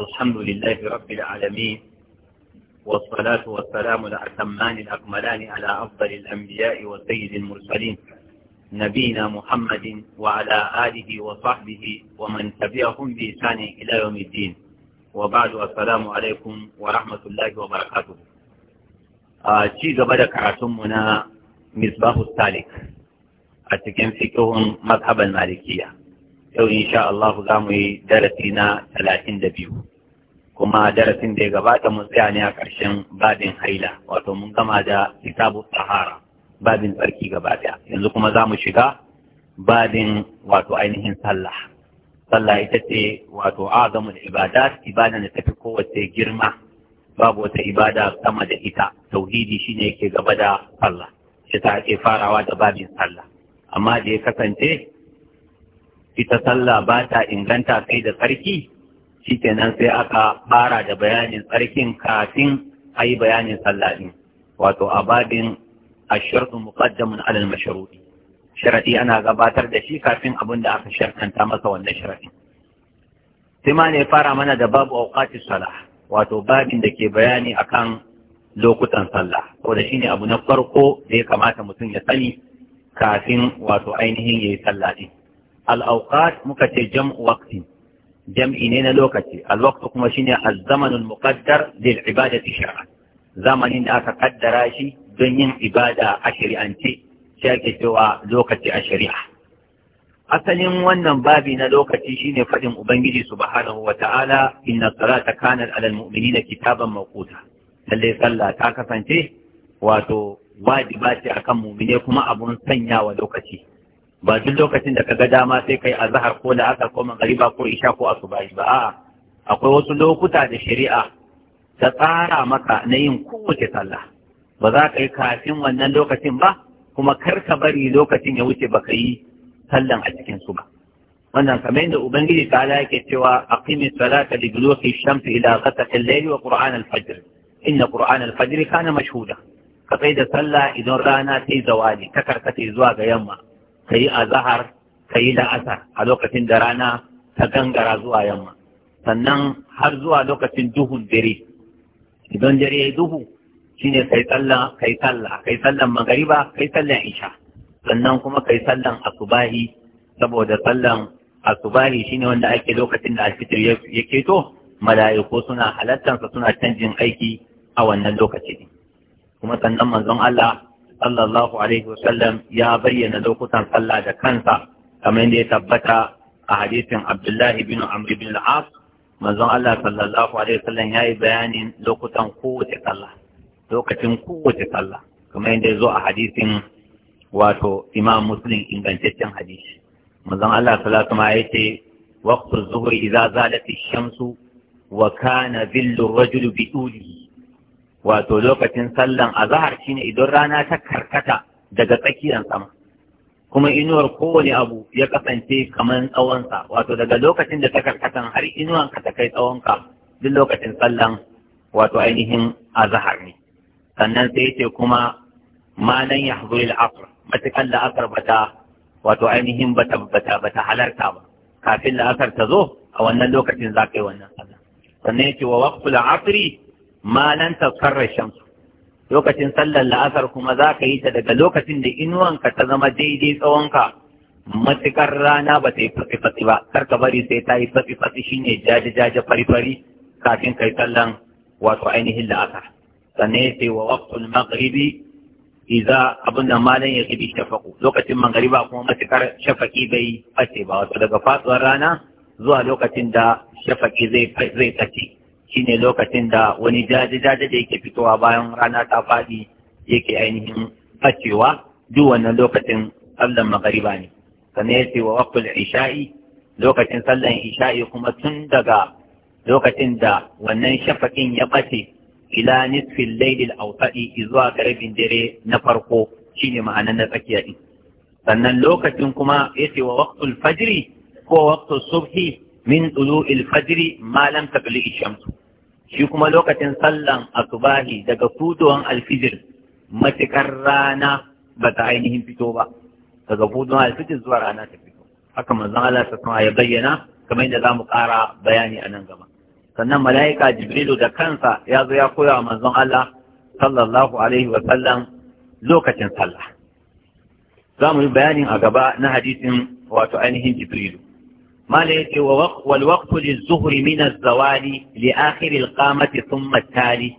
الحمد لله رب العالمين والصلاة والسلام الأتمان الأكملان على أفضل الأنبياء وسيد المرسلين نبينا محمد وعلى آله وصحبه ومن تبعهم بإحسان إلى يوم الدين وبعد السلام عليكم ورحمة الله وبركاته ci gaba da karatunmu na misbahu salik a cikin fikihun mazhaban malikiya yau insha Allah za mu yi darasi na talatin da biyu kuma darasin da ya gabata mun tsaya ne a ƙarshen babin haila wato mun gama da kitabu sahara babin tsarki gaba daya yanzu kuma za mu shiga babin wato ainihin sallah sallah ita ce wato azamul da ibada da tafi kowace girma babu wata ibada sama da ita tauhidi shine yake gaba da sallah shi ta ake farawa da babin sallah amma da ya kasance ita sallah ba ta inganta kai da tsarki kenan sai aka fara da bayanin tsarkin kafin a yi bayanin sallahin wato a babin ashartu muqaddamun alal mashru'i sharadi ana gabatar da shi kafin abin da aka shartanta masa wannan sharadi sai ma ne fara mana da babu awqati salah wato babin da ke bayani akan lokutan sallah ko da shine abu na farko da ya kamata mutum ya sani kafin wato ainihin yayi sallah din al muka ce jam'u waqtin jam'i ne na lokaci alwaktu kuma shine azzamanul muqaddar lil ibadati shari'a zamanin da aka ƙaddara shi don yin ibada a shari'ance shi ake cewa lokaci a shari'a asalin wannan babi na lokaci shine faɗin ubangiji subhanahu wata'ala inna salata kanat alal mu'minina kitaban makuta lalle sallah ta kasance wato wajiba ce akan mu'mine kuma abun sanyawa lokaci ba duk lokacin da ka ga dama sai kai zahar ko da aka ko magariba ko isha ko asubahi ba a'a akwai wasu lokuta da shari'a ta tsara maka na yin kowace sallah ba za ka yi kafin wannan lokacin ba kuma kar ka bari lokacin ya wuce baka yi sallan a cikin su ba wannan kamar yadda ubangiji ta ala yake cewa aqimi salata li duluki shamsi ila ghasaqi al-layli wa qur'an al-fajr inna qur'an al-fajr kana mashhuda ka da sallah idan rana ta yi zawali ta karkata zuwa ga yamma ka yi azahar ka yi la'asar a lokacin da rana ta gangara zuwa yamma sannan har zuwa lokacin duhun dare idan dare ya duhu shine kai sallah kai sallah kai sallan magariba kai sallan isha sannan kuma kai sallan asubahi saboda sallan asubahi shine wanda ake lokacin da alfitir ya keto mala'iku suna halattansa suna canjin aiki a wannan lokaci kuma sannan manzon Allah sallallahu alaihi wasallam ya bayyana lokutan sallah da kansa kamar yadda ya tabbata a hadisin Abdullahi bin Amr bin al-As manzon Allah sallallahu alaihi wasallam ya yi bayanin lokutan kowace sallah lokacin kowace sallah kamar yadda ya zo a hadisin wato Imam Muslim ingantaccen hadisi manzon Allah sallallahu alaihi wasallam ya ce waqtu zuhri idza zalat ash-shamsu wa kana dhillu ar-rajuli bi wato lokacin sallan azahar ne idan rana ta karkata daga tsakiyar sama kuma inuwar kowane abu ya kasance kamar tsawonsa wato daga lokacin da ta karkata har inuwan ka ta kai tsawonka duk lokacin sallan wato ainihin azahar ne sannan sai ce kuma ma nan ya hazuri al'asr matakan la'asar bata wato ainihin bata bata bata halarta ba kafin la'asar ta zo a wannan lokacin za ka yi wannan sallan. sannan ya ce wa waqtul asri malan tafkar shamsu lokacin sallar la'asar kuma za ka yi ta daga lokacin da inuwanka ta zama daidai tsawonka matukar rana ba ta yi fatsi-fatsi ba kar ka bari sai ta yi fatsi-fatsi shine jaje-jaje fari-fari kafin kai sallan wato ainihin la'asar sannan ya ce wa waqtul maghribi abin abinda malan ya zubi shafaku lokacin magariba kuma matukar shafaki bai face ba wato daga fatsuwar rana zuwa lokacin da shafaki zai zai shine lokacin da wani jaje-jaje da yake fitowa bayan rana ta faɗi yake ainihin facewa duk wannan lokacin sallan magariba ne sannan ya ce wa isha'i lokacin sallan isha'i kuma tun daga lokacin da wannan shafakin ya ɓace ila nisfin lailil autadi zuwa garbin dare na farko shine ma'anar na tsakiya din sannan lokacin kuma yace wa waqtul fajiri ko waqtul subhi min tulu'il fajri ma lam taqli ash shi kuma lokacin sallan asubahi daga fudowan alfijir matukar rana ba ta ainihin fito ba daga fudowan alfijir zuwa rana ta fito haka manzon Allah ta sama ya bayyana kamar yadda zamu ƙara bayani a nan gaba sannan mala'ika jibrilu da kansa ya zo ya koya wa manzon Allah sallallahu alaihi wa sallam lokacin sallah za mu yi bayanin a gaba na hadisin wato ainihin jibrilu ما ليت والوقف للزهر من الزوال لآخر القامة ثم التالي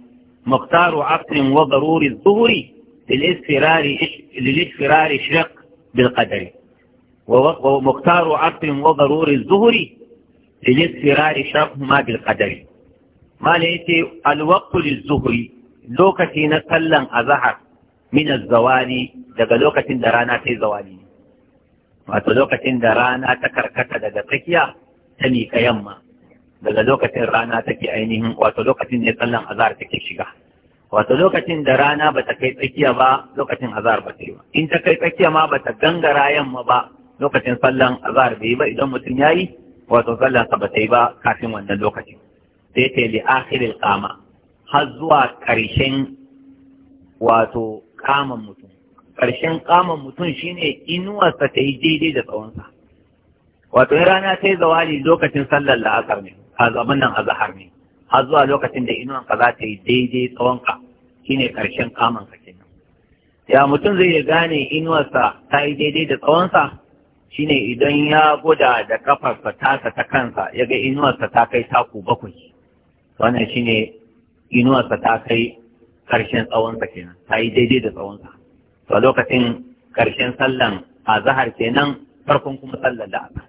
مختار عصر وضرور الظهر للإسفرار للإسفرار شرق بالقدر ومختار عصر وضرور الظهر للإسفرار ما بالقدر ما ليت الوقت للظهر لوكتي نسلا أزهر من الزوال دقى لوكتي درانا في زوالي wato lokacin da rana ta karkata daga tsakiya ta nika yamma daga lokacin rana take ainihin wato lokacin ne sallan azhar take shiga wato lokacin da rana ba ta kai tsakiya ba lokacin azhar ba ta yi ba in ta kai tsakiya ma ba ta gangara yamma ba lokacin sallar azhar bai ba idan mutum ya yi wato sallan sa ba ta yi ba kafin wannan lokacin sai ta li akhiril qama har zuwa karshen wato kaman mutum ƙarshen ƙaman mutum shine inuwarsa ta yi daidai da tsawonsa wato rana ta yi zawali lokacin sallar la'asar ne a zaman nan a zahar ne har zuwa lokacin da inuwanka za ta yi daidai tsawonka shine ƙarshen ƙaman ka kenan ya mutum zai gane inuwarsa ta yi daidai da tsawonsa shine idan ya guda da kafarsa tasa ta kansa ya ga inuwarsa ta kai taku bakwai wannan shine inuwarsa ta kai ƙarshen tsawonsa kenan ta yi daidai da tsawonsa to lokacin karshen sallan a zahar kenan farkon kuma sallan da aka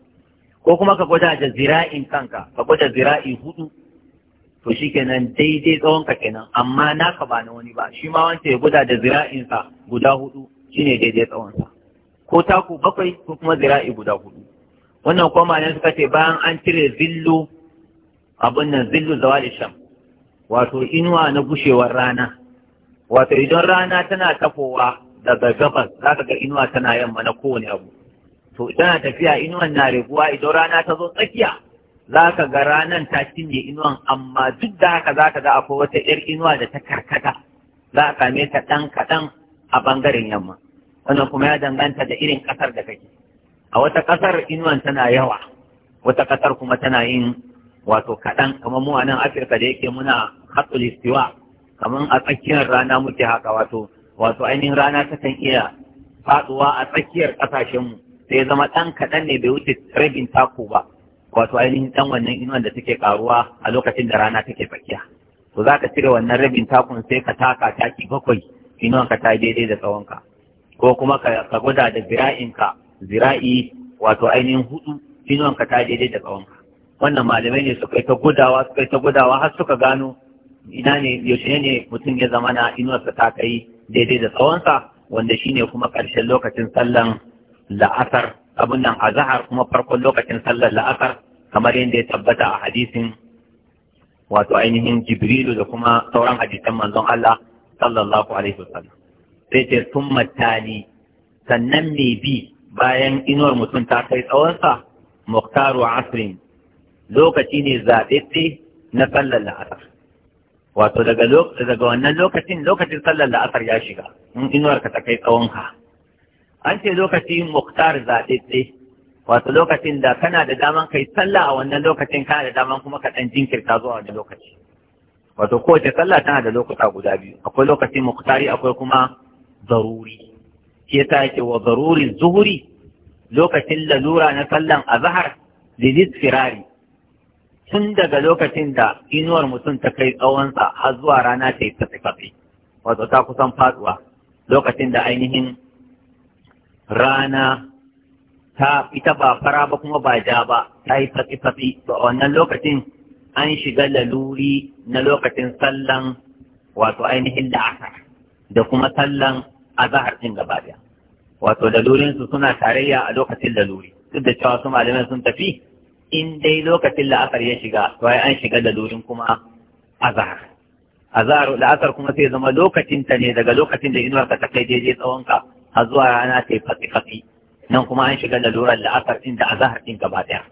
ko kuma ka gwada da zira'in kanka ka gwada zira'i hudu to shi kenan daidai tsawon ka kenan amma naka ba na wani ba shi ma wance ya gwada da zira'insa guda hudu shine daidai tsawon sa ko taku bakwai ko kuma zira'i guda hudu wannan kuma ne suka ce bayan an cire zillu abin nan zillu zawali sham wato inuwa na gushewar rana wato idan rana tana tafowa daga gabas za ka ga inuwa tana yamma na kowane abu to tana tafiya inuwan na raguwa idan rana ta zo tsakiya za ka ga ranar ta cinye inuwan amma duk da haka za ka ga akwai wata yar inuwa da ta karkata za a same ta ɗan kaɗan a ɓangaren yamma wannan kuma ya danganta da irin ƙasar da kake a wata ƙasar inuwan tana yawa wata ƙasar kuma tana yin wato kaɗan kamar mu a nan afirka da yake muna hatsul istiwa kamar a tsakiyar rana muke haka wato wato ainihin rana takan iya faduwa a tsakiyar kasashenmu sai ya zama ɗan kaɗan ne bai wuce rabin taku ba wato ainihin ɗan wannan inuwan da take karuwa a lokacin da rana take tsakiya to za ka cire wannan rabin takun sai ka taka taki bakwai inuwan ka ta daidai da tsawonka ko kuma ka gwada da zira'inka zira'i wato ainihin hudu inuwan ka ta daidai da tsawonka wannan malamai ne suka yi ta gudawa suka yi ta gudawa har suka gano ina ne yaushe ne mutum ya zama na inuwarsa ta kai daidai da tsawonsa wanda shine kuma ƙarshen lokacin sallan la'asar abin nan zahar kuma farkon lokacin sallar la'asar kamar yadda ya tabbata a hadisin wato ainihin jibrilu da kuma sauran hadisan manzon Allah sallallahu alaihi wasallam sai ce summa tali sannan me bi bayan inuwar mutum ta kai tsawonsa muktaru asrin lokaci ne zaɓe na sallar la'asar wato daga daga wannan lokacin lokacin sallar da asar ya shiga in inuwar ka ta kai tsawonka an ce lokacin muktar zaɗaɗɗe wato lokacin da kana da daman kai sallah a wannan lokacin kana da daman kuma ka ɗan jinkirta zuwa wani lokaci wato kowace sallah tana da lokuta guda biyu akwai lokacin muktari akwai kuma zaruri shi yasa yake wa zaruri zuhuri lokacin lalura na sallan azhar lilis firari tun daga lokacin da inuwar mutum ta kai tsawonsa har zuwa rana ta yi tafi wato ta kusan faduwa lokacin da ainihin rana ta ita ba fara ba kuma ba ja ba ta yi fatsi ba. wannan lokacin an shiga laluri na lokacin sallan wato ainihin la'asar da kuma sallan azahar ɗin gaba wato lalurinsu suna tarayya a lokacin laluri duk da cewa su malamai sun tafi in dai lokacin la'asar ya shiga to ai an shiga da lurin kuma azhar azhar la'asar kuma sai zama lokacin ta ne daga lokacin da inuwar ka ta kai je tsawon ka har zuwa rana ta fati fati nan kuma an shiga da lurar la'asar din da azhar din gaba daya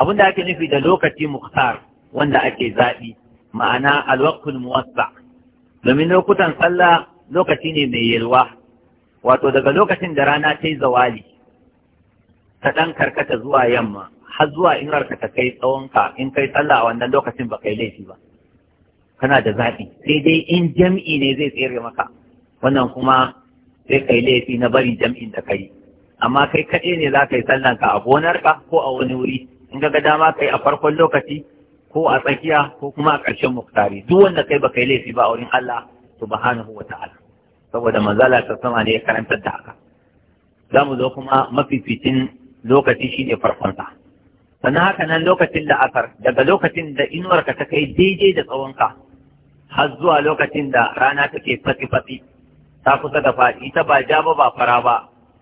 abin da ake nufi da lokaci muktar wanda ake zaɓi ma'ana alwaqtul muwassa domin lokutan sallah lokaci ne mai yalwa wato daga lokacin da rana ta yi zawali ta ɗan karkata zuwa yamma har zuwa in rarka ta kai tsawon ka in kai tsalla a wannan lokacin ba kai laifi ba kana da zaɓi sai dai in jam'i ne zai tsere maka wannan kuma sai kai laifi na bari jam'in da kai amma kai kaɗai ne za ka yi sallan ka a gonarka ko a wani wuri in ga dama kai a farkon lokaci ko a tsakiya ko kuma a ƙarshen muktari duk wanda kai ba kai laifi ba a wurin Allah subhanahu wa ta'ala saboda manzala ta sama ne ya karantar da haka za mu zo kuma mafificin lokaci shine ka. sannan haka nan lokacin da asar daga lokacin da inuwarka ta kai daidai da tsawonka har zuwa lokacin da rana take fatsi-fatsi ta kusa da fadi ta ba ja ba ba fara ba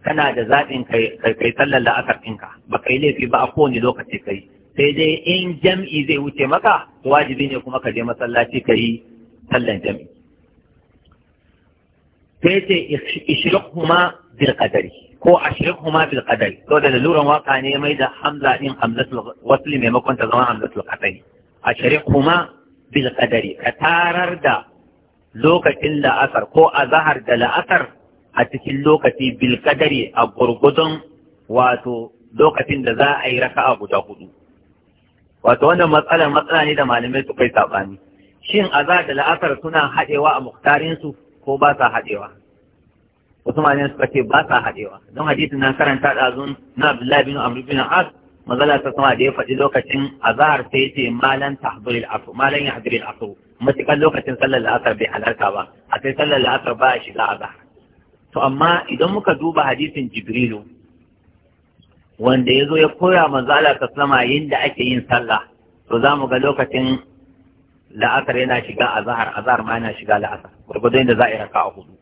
kana da zaɓin kai kai sallar la'asar ɗinka ba kai laifi ba a kowane lokaci kai sai dai in jam'i zai wuce maka wajibi ne kuma ka je masallaci ka yi sallar jam'i sai ce ishriqhuma bil qadari ko ashriqhu kuma fil qadari to da laluran waka ne mai da hamza din hamzatul wasli maimakon ta zama hamzatul qadari ashriqhu kuma bil ka tarar da lokacin la'asar ko azahar da la'asar a cikin lokaci bil qadari a gurgudun wato lokacin da za a yi raka'a guda hudu wato wannan matsalar matsala ne da malamai su kai sabani shin azhar da la'asar suna hadewa a muktarin su ko ba sa hadewa wasu malamin suka ce ba sa haɗewa don hadisin na karanta ɗazun na abdullahi bin amru bin as magana ta sama da ya faɗi lokacin azahar sai ce malan tahduril asr malan yahduril asr matukan lokacin sallar la'asar bai halarta ba a kai sallar la'asar ba a shiga azahar to amma idan muka duba hadisin jibrilu wanda ya zo ya koya manzo Allah ta sama yadda ake yin sallah to za mu ga lokacin la'asar yana shiga azahar azahar ma yana shiga la'asar gurgudun da za a yi raka'a hudu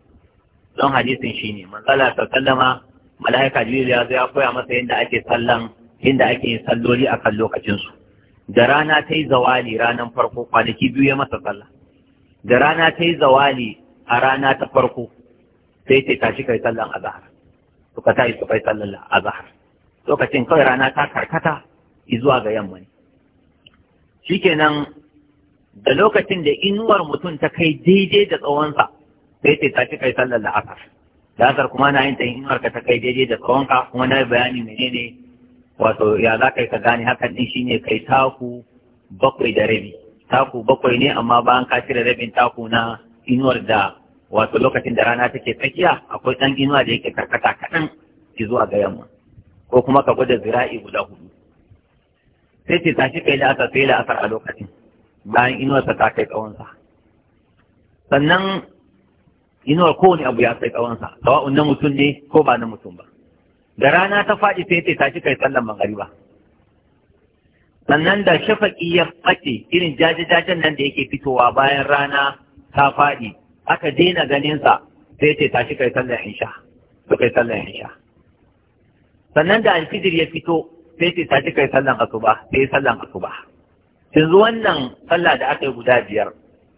don hadisin shi ne. manzala ta sallama malaika jibril ya ya koya masa yadda ake sallan yadda ake yin salloli a kan lokacin su da rana ta yi zawali ranar farko kwanaki biyu ya masa sallah da rana ta yi zawali a rana ta farko sai ta tashi kai sallan azhar to ka tashi kai sallan azhar lokacin kawai rana ta karkata zuwa ga yamma ne shikenan da lokacin da inuwar mutum ta kai daidai da tsawonsa sai ce ta ci kai sallar da asar da asar kuma na yin ta yin ka ta kai daidai da tsawonka kuma na bayani menene wato ya za ka yi ka gane hakan din shine kai taku bakwai da rabi taku bakwai ne amma bayan ka cire rabin taku na inuwar da wato lokacin da rana take tsakiya akwai ɗan inuwa da yake karkata kaɗan ki zuwa ga yamma ko kuma ka gwada zira'i guda hudu sai ce tashi kai la'asar sai la'asar a lokacin bayan inuwarsa ta kai tsawonsa sannan inuwar kowane abu ya kai tsawonsa tawa na mutum ne ko ba na mutum ba da rana ta faɗi sai ta tashi kai sallan magariba sannan da shafaƙi ya fake irin jajajajen nan da yake fitowa bayan rana ta faɗi aka daina ganinsa sai ta tashi kai sallan kai sannan da alfijir ya fito sai ta tashi kai sallan asuba sai sallan asuba yanzu wannan sallah da aka yi guda biyar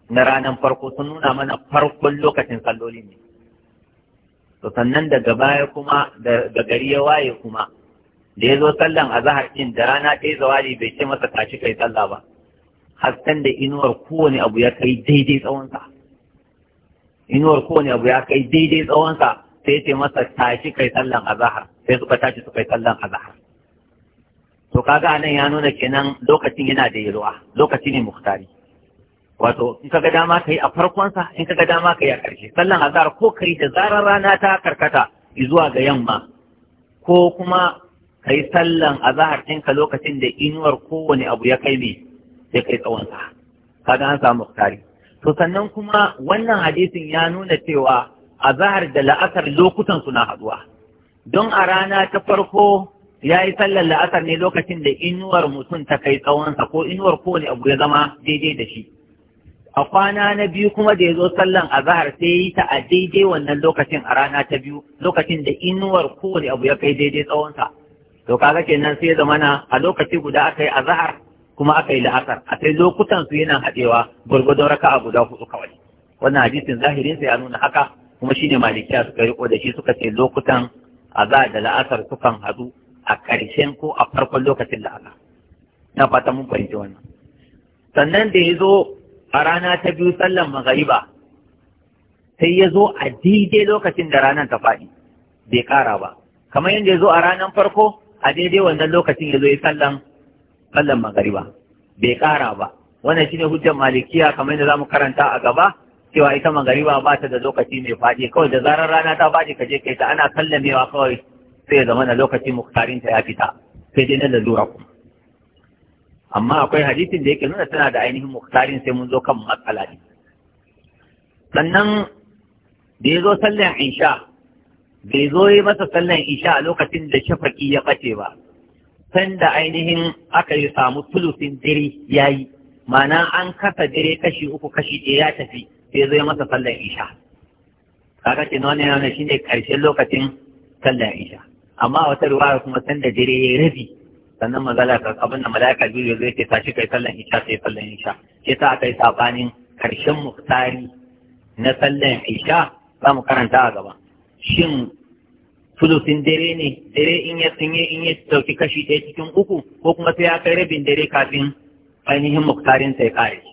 na ranar farko sun nuna mana farkon lokacin salloli ne to sannan daga baya kuma da gari ya waye kuma da ya zo sallan a zahar ɗin da rana ɗaya zawali bai ce masa tashi kai sallah ba hasken da inuwar kowane abu ya kai daidai tsawonsa inuwar kowane abu ya kai daidai tsawonsa sai ce masa tashi kai sallan azahar sai suka tashi suka yi sallan azahar to kaga nan ya nuna kenan lokacin yana da yalwa lokaci ne muktari wato in ka ga dama ka yi a farkonsa, in ka ga dama ka yi a ƙarshe, sallan azar? ko ka yi da zarar rana ta karkata zuwa ga yamma ko kuma ka yi sallan azhar ɗinka ka lokacin da inuwar kowane abu ya kai ne sai kai tsawon sa ga an samu tsari to sannan kuma wannan hadisin ya nuna cewa azhar da la'asar lokutan suna haɗuwa, don a rana ta farko ya yi sallan la'asar ne lokacin da inuwar mutum ta kai tsawonsa ko inuwar kowane abu ya zama daidai da shi a kwana na biyu kuma da ya zo sallan azahar sai yi ta a daidai wannan lokacin a rana ta biyu lokacin da inuwar kowane abu ya kai daidai tsawonsa to kaga kenan sai zamana a lokaci guda aka yi azahar kuma aka yi la'asar a sai lokutan su yana haɗewa gwargwadon raka a guda hudu kawai wannan hadisin zahirin sai ya nuna haka kuma shine malikiya suka riko da shi suka ce lokutan a za da la'asar sukan haɗu a ƙarshen ko a farkon lokacin la'asar na fata mun fahimci wannan sannan da ya zo a rana ta biyu sallan magariba sai ya zo a daidai lokacin da ranar ta faɗi bai ƙara ba kamar yadda ya zo a ranar farko a daidai wannan lokacin ya zo ya sallan sallan magariba bai ƙara ba wannan shine hujjar malikiya kamar yadda zamu karanta a gaba cewa ita magariba ba ta da lokaci mai faɗi kawai da zarar rana ta faɗi ka je kai ta ana sallamewa kawai sai ya zama na lokacin muktarinta ya fita sai dai na lalura kuma amma akwai hadisin da yake nuna tana da ainihin muktarin sai mun zo kan matsala ne sannan da ya zo sallan insha bai zo yi masa sallan isha a lokacin da shafaki ya ɓace ba sanda ainihin aka yi samu tulusin dare ya yi mana an kasa dare kashi uku kashi ɗaya ya tafi sai zo yi masa sallan isha kaga ce nuna yana shine ƙarshen lokacin sallan isha amma wata ruwa kuma sanda dare ya rabi sannan magana ka abin da mala'ika jibril zai ce tashi kai sallan isha sai sallan isha sai sa aka yi sabanin karshen muktari na sallan isha za mu karanta a gaba shin sulusin dare ne dare in ya sunye in ya dauki kashi ɗaya cikin uku ko kuma sai ya kai rabin dare kafin ainihin muktarin sai kare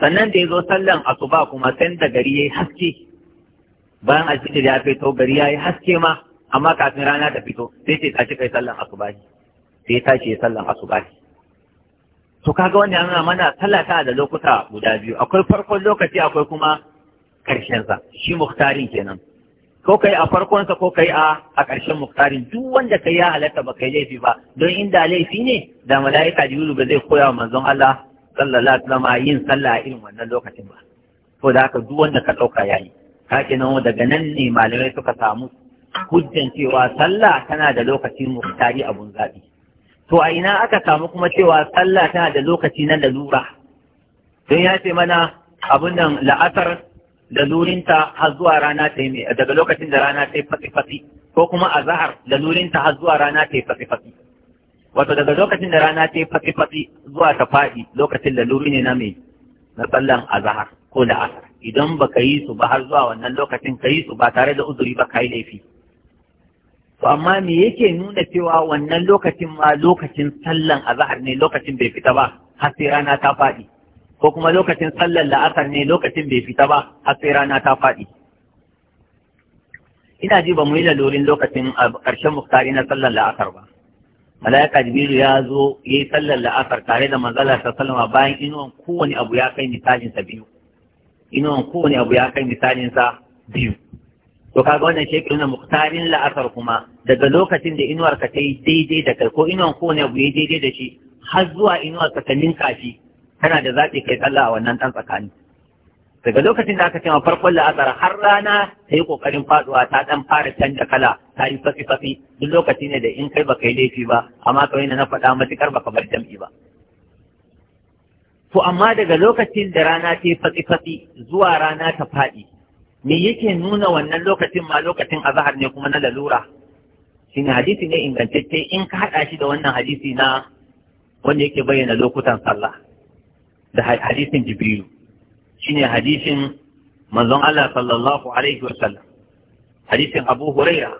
sannan da ya zo sallan asuba kuma sai da gari ya yi haske bayan da ya fito gari ya yi haske ma amma kafin rana ta fito sai ce tashi kai sallan asuba ne sai tashi ya sallan asuba to kaga wanda yana mana sallah ta da lokuta guda biyu akwai farkon lokaci akwai kuma karshen sa shi muhtarin kenan ko kai a farkon sa ko kai a a karshen muhtarin duk wanda kai ya halatta ba kai laifi ba don inda laifi ne da malaika jibrilu ba zai koya wa manzon Allah sallallahu alaihi wasallam yin sallah a irin wannan lokacin ba Ko da haka duk wanda ka dauka yayi ka kenan daga nan ne malamai suka samu hujjan cewa sallah tana da lokacin muhtari abun zabi to a ina aka samu kuma cewa sallah tana da lokaci na lalura don ya ce mana abun nan la'asar lalurinta har zuwa rana ta yi daga lokacin da rana ta yi fasifasi? ko kuma a zahar lalurinta har zuwa rana ta yi fasifasi? wato daga lokacin da rana ta yi fasifasi zuwa ta faɗi lokacin laluri ne na mai na tsallan a zahar ko la'asar idan ba ka yi su ba har zuwa wannan lokacin ka yi su ba tare da uzuri ba ka yi laifi to amma me yake nuna cewa wannan lokacin ma lokacin sallan azhar ne lokacin bai fita ba har sai rana ta faɗi ko kuma lokacin sallan la'asar ne lokacin bai fita ba har sai rana ta faɗi ina ji ba mu yi lalurin lokacin ƙarshen muftari na sallan la'asar ba malaika jibiru ya zo ya yi sallar la'asar tare da manzala sa sallama bayan inuwan kowane abu ya kai misalin sa biyu inuwan kowane abu ya kai misalin sa biyu to kaga wannan shi ke nuna muktarin la'asar kuma daga lokacin da inuwar ka tai daidai da kai ko inuwar ko ne abu daidai da shi har zuwa inuwar ka tanin ninka kana da zaɓi kai sallah a wannan ɗan tsakani daga lokacin da aka ce farkon la'asar har rana ta yi ƙoƙarin faɗuwa ta ɗan fara canja kala ta yi fafi fafi duk lokaci ne da in kai baka yi laifi ba amma kawai na faɗa matuƙar baka bar jam'i ba to amma daga lokacin da rana ta yi fafi fafi zuwa rana ta faɗi me yake nuna wannan lokacin ma lokacin azhar ne kuma na lalura shine hadisi ne ingantacce in ka haɗa shi da wannan hadisi na wanda yake bayyana lokutan sallah da hadisin jibrilu shine hadisin manzon Allah sallallahu alaihi wasallam hadisin Abu Huraira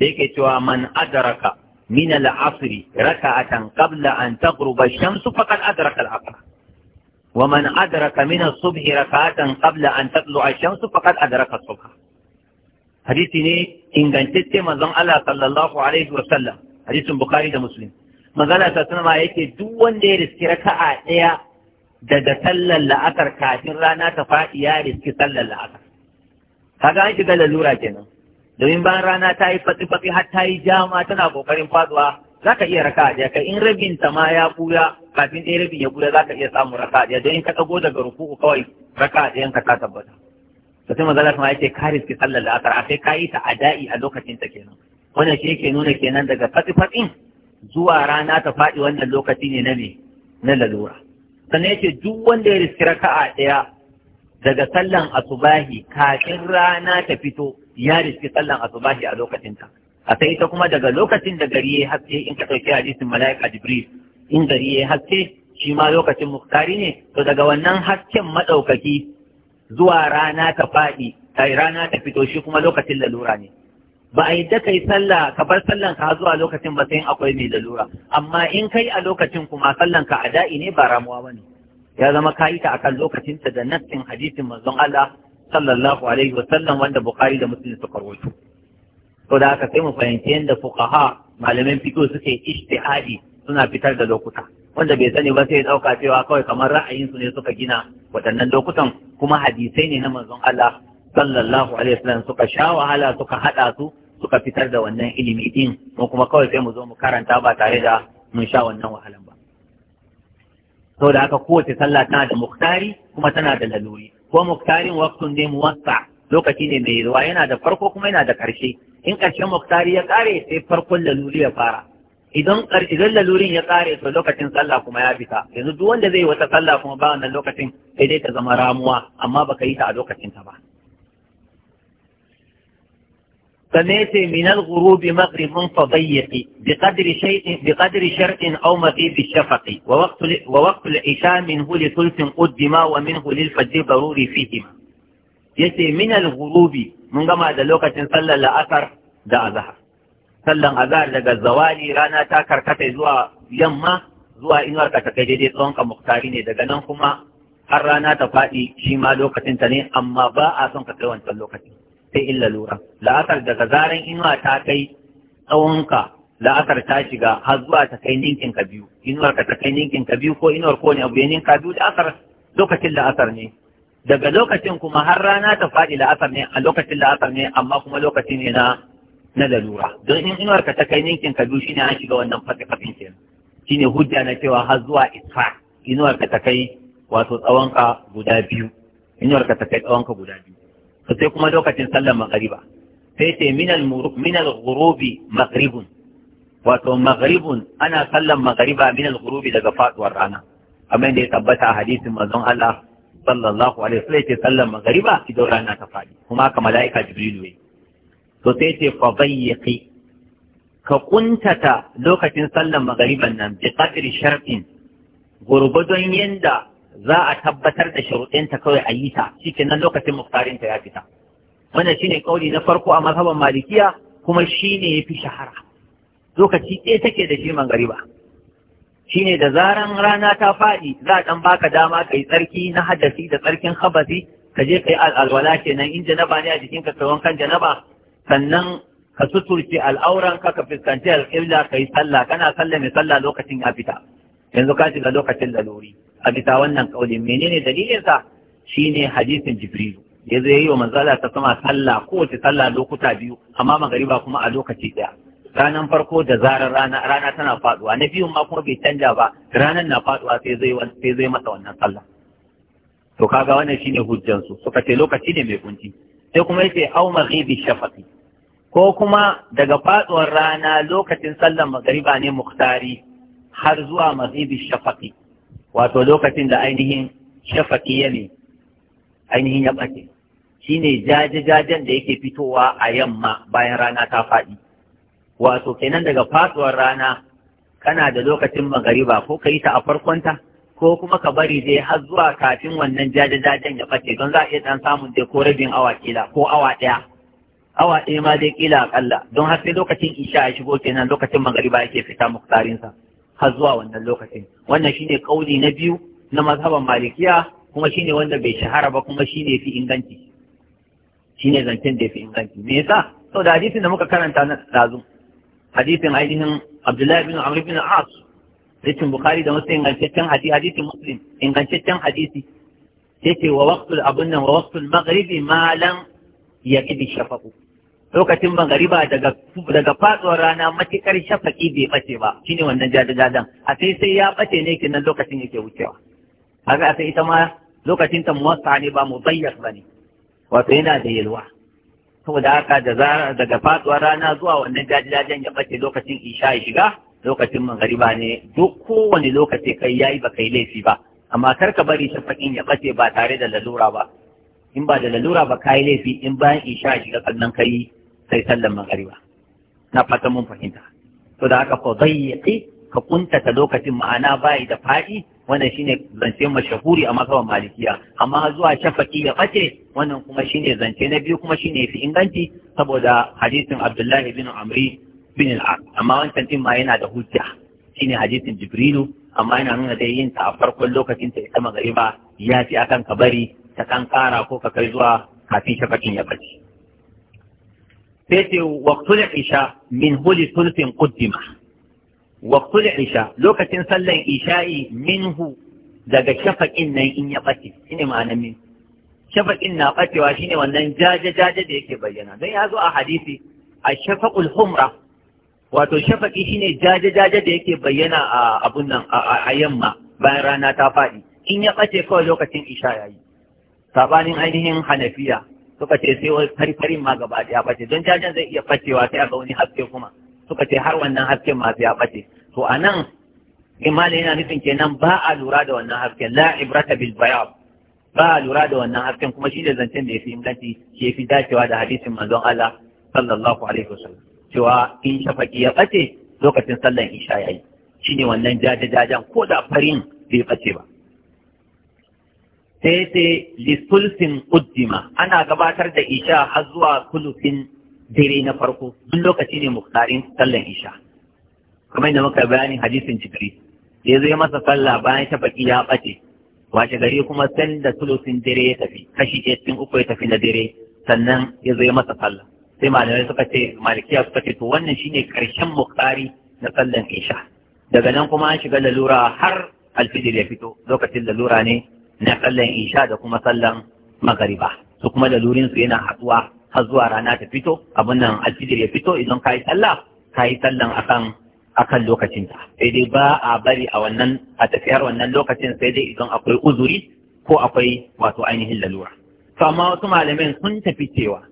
da yake cewa man adraka min al-asr raka'atan qabla an taghruba ash-shamsu faqad adraka al-asr ومن أدرك من الصبح ركعة قبل أن تطلع الشمس فقد أدرك الصبح حديث ني إن كنت مزن الله صلى الله عليه وسلم حديث بخاري ده مسلم مزن الله صلى الله عليه وسلم دون دي رسك ركعة إيا da da sallar la'asar kafin rana ta faɗi ya riski sallar la'asar kaga an shiga lalura kenan domin bayan rana ta yi fatsi-fatsi har ta yi jama tana kokarin faduwa za ka iya raka ɗaya kai in rabin ta ma ya buya kafin ɗaya rabin ya buya za ka iya samun raka ɗaya don in ka ɗago daga ruku'u kawai raka ɗayan ka ta tabbata to sai manzo kuma ya ka riski sallar da asar akai ka yi ta a daɗi a lokacin ta kenan wannan shi yake nuna kenan daga fatsi fatsin zuwa rana ta faɗi wannan lokaci ne na me na lalura sannan yace duk wanda ya riski raka'a ɗaya daga sallan asubahi kafin rana ta fito ya riski sallan asubahi a lokacin ta a sai ita kuma daga lokacin da gari ya haske in ka ɗauki hadisin mala'ika jibril in gari ya haske shi ma lokacin muktari ne to daga wannan hasken maɗaukaki zuwa rana ta faɗi kai rana ta fito shi kuma lokacin lalura ne ba a yadda kai sallah ka bar sallan ka zuwa lokacin ba sai akwai mai lalura amma in kai a lokacin kuma sallan ka da'i ne ba ramuwa bane ya zama ka yi ta akan lokacin ta da nassin hadisin manzon Allah sallallahu alaihi wa sallam wanda Bukhari da Muslim suka rawaito to da aka sai mu fahimci yadda fuqaha malamin fiqh suke ijtihadi suna fitar da lokuta wanda bai sani ba sai dauka cewa kawai kamar ra'ayin su ne suka gina waɗannan lokutan kuma hadisai ne na manzon Allah sallallahu alaihi wasallam suka sha wahala suka hada su suka fitar da wannan ilimi din mu kuma kawai sai mu zo mu karanta ba tare da mun sha wannan wahalan ba da aka kowace sallah tana da muktari kuma tana da laluri ko muktarin waqtun ne muwassa lokaci ne mai ruwa yana da farko kuma yana da karshe in ƙarshen muktari ya ƙare sai farkon laluri ya fara idan idan lalurin ya ƙare to lokacin sallah kuma ya fita. yanzu duk wanda zai yi wata sallah kuma ba wannan lokacin sai dai ta zama ramuwa amma baka yi ta a lokacin ta ba kame sai min al ghurubi maghribun fa dayyiqi bi qadri shay'in bi qadri wa waqt wa min huli li thulth qaddima wa minhu lil fajr daruri fihi yace min al mun gama da lokacin sallar la'asar da azahar sallan azahar daga zawali rana ta karkata zuwa yamma zuwa inuwar ka ta kai daidai tsawon ka muktari ne daga nan kuma har rana ta faɗi shi ma lokacin ta ne amma ba a son ka kai wancan lokacin sai illa lura la'asar daga zaran inuwa ta kai tsawon ka la'asar ta shiga har zuwa ta kai ninkin ka biyu inuwar ka ta kai ninkin ka biyu ko inuwar ko ne abu ya ninka biyu da asar lokacin la'asar ne daga lokacin kuma har rana ta faɗi la'asar ne a lokacin la'asar ne amma kuma lokaci ne na na lalura don in inuwar ka ta kai ninkin kadu shi ne an shiga wannan fasikafin Shi ne hujja na cewa har zuwa isfa inuwar ka ta kai wato tsawon ka guda biyu inuwar ka ta kai tsawon ka guda biyu to sai kuma lokacin sallar magariba sai ce minal minal ghurubi maghribun wato maghribun ana sallar magariba minal ghurubi daga faduwar rana amma da ya tabbata a hadisin mazan Allah sallallahu alaihi wasallam yake sallar magariba idan rana ta faɗi kuma haka mala'ika jibrilu yayi to sai ce fa bayyiqi ka kuntata lokacin sallar magariban nan bi qadri shartin gurgudun yanda za a tabbatar da sharuɗinta kawai a yi ta nan lokacin muktarinta ya fita wannan shine kauli na farko a mazhaban malikiya kuma shine yafi shahara lokaci ɗaya take da shi magariba shine da zaran rana ta faɗi za a ɗan baka dama ka yi tsarki na hadasi da tsarkin habasi ka je ka yi alwala kenan in janaba ne a jikinka ka kan janaba sannan ka suturce al'auranka ka fuskanci al'ibla ka yi sallah kana sallah mai sallah lokacin a fita yanzu ka shiga lokacin lori, a bisa wannan kaulin menene dalilinsa Shi ne hadisin jibrilu ya zo yi wa manzala ta sama sallah kowace sallah lokuta biyu amma magariba kuma a lokaci ɗaya ranan farko da zarar rana rana tana faduwa na biyun ma kuma bai canja ba ranan na faduwa sai zai sai zai masa wannan sallah to kaga wannan shine hujjan su suka ce lokaci ne mai kunci sai kuma yace au maghibi shafaqi ko kuma daga faduwar rana lokacin sallar magriba ne muktari har zuwa maghibi shafaqi wato lokacin da ainihin shafaqi ya ne ainihin ya bace shine jaje-jajen da yake fitowa a yamma bayan rana ta faɗi wato kenan daga faduwar rana kana da lokacin magariba ko ka yi ta a farkonta ko kuma ka bari dai har zuwa kafin wannan jajajajen ya ɓace don za a iya ɗan samun dai ko rabin awa kila ko awa ɗaya awa ɗaya ma dai kila aƙalla don har sai lokacin isha ya shigo kenan lokacin magariba yake fita muktarinsa har zuwa wannan lokacin wannan shine kauli na biyu na mazhaban malikiya kuma shine wanda bai shahara ba kuma shine fi inganci shine zancen da fi inganci me yasa saboda hadisin da muka karanta na dazun. hadisin ainihin Abdullahi bin Amr bin As hadisin Bukhari da wasu ingantaccen hadisi hadisin Muslim ingantaccen hadisi ce wa waqtul abunna wa waqtul maghribi ma lam yaqdi shafaqu lokacin magariba daga daga faduwar rana matikar shafaqi bai bace ba shine wannan jadadadan a sai sai ya bace ne kinan lokacin yake wucewa haka sai ita ma lokacin ta muwassa ne ba ba bane wato yana da yalwa saboda haka da zara daga faduwar rana zuwa wannan jajajen ya bace lokacin isha ya shiga lokacin magariba ne duk kowane lokaci kai yayi ba kai laifi ba amma kar ka bari shafakin ya bace ba tare da lalura ba in ba da lalura ba kai laifi in bayan isha ya shiga sannan kai sai sallan magariba na fata mun fahimta saboda haka fa dayyaqi ka kuntata lokacin ma'ana bai da faɗi wannan shine zance mashahuri a mazhaban malikiya amma zuwa shafaki ya bace wannan kuma shine zance na biyu kuma shine fi inganci saboda hadisin Abdullahi bin Amri bin al amma wancan din ma yana da hujja shine hadisin Jibrilu amma yana nuna dai yin ta a farkon lokacin ta ita magariba ya fi akan ka bari ta kan kara ko ka kai zuwa kafin shafakin ya bace sai ce waqtul isha min huli sulfin quddima waqtul isha lokacin sallan isha'i minhu daga shafaqin nan in ya bace shine ma'anar min shafaqin na bacewa shine wannan jaje jaje da yake bayyana dan ya zo a hadisi a ashafaqul humra wato shafaqi shine jaje jaje da yake bayyana a abun nan a yamma bayan rana ta faɗi in ya bace kawai lokacin isha yayi sabanin ainihin hanafiya suka ce sai wani fari ma gaba ɗaya bace don jajen zai iya ɓacewa sai a ga wani haske kuma suka ce har wannan hasken masu ya bace to a nan imani yana nufin kenan ba a lura da wannan hasken la ibrata bil bayab ba a lura da wannan hasken kuma shi ne zancen da ya fi inganci shi ya fi dacewa da hadisin manzon Allah sallallahu alaihi wasallam cewa in shafaki ya bace lokacin sallan isha yayi ne wannan jajajajan ko da farin bai bace ba sai sai lisulsin uddima ana gabatar da isha har zuwa kulufin dare na farko duk lokaci ne muktarin sallan isha kamar da muka bayanin hadisin jibri ya zo masa sallah bayan shafaki ya bace wace gari kuma san da sulusin dare ya tafi kashi ɗaya cikin uku ya tafi na dare sannan ya zo masa sallah sai malamai suka ce malikiya suka ce to wannan shine karshen muktari na sallan isha daga nan kuma an shiga lalura har alfijir ya fito lokacin lalura ne na sallan isha da kuma sallan magariba su kuma lalurinsu yana haɗuwa har zuwa rana ta fito abin nan alfijir ya fito idan ka yi sallah ka yi sallan akan akan lokacinta sai dai ba a bari a wannan a tafiyar wannan lokacin sai dai idan akwai uzuri ko akwai wato ainihin lalura to amma wasu malamin sun tafi cewa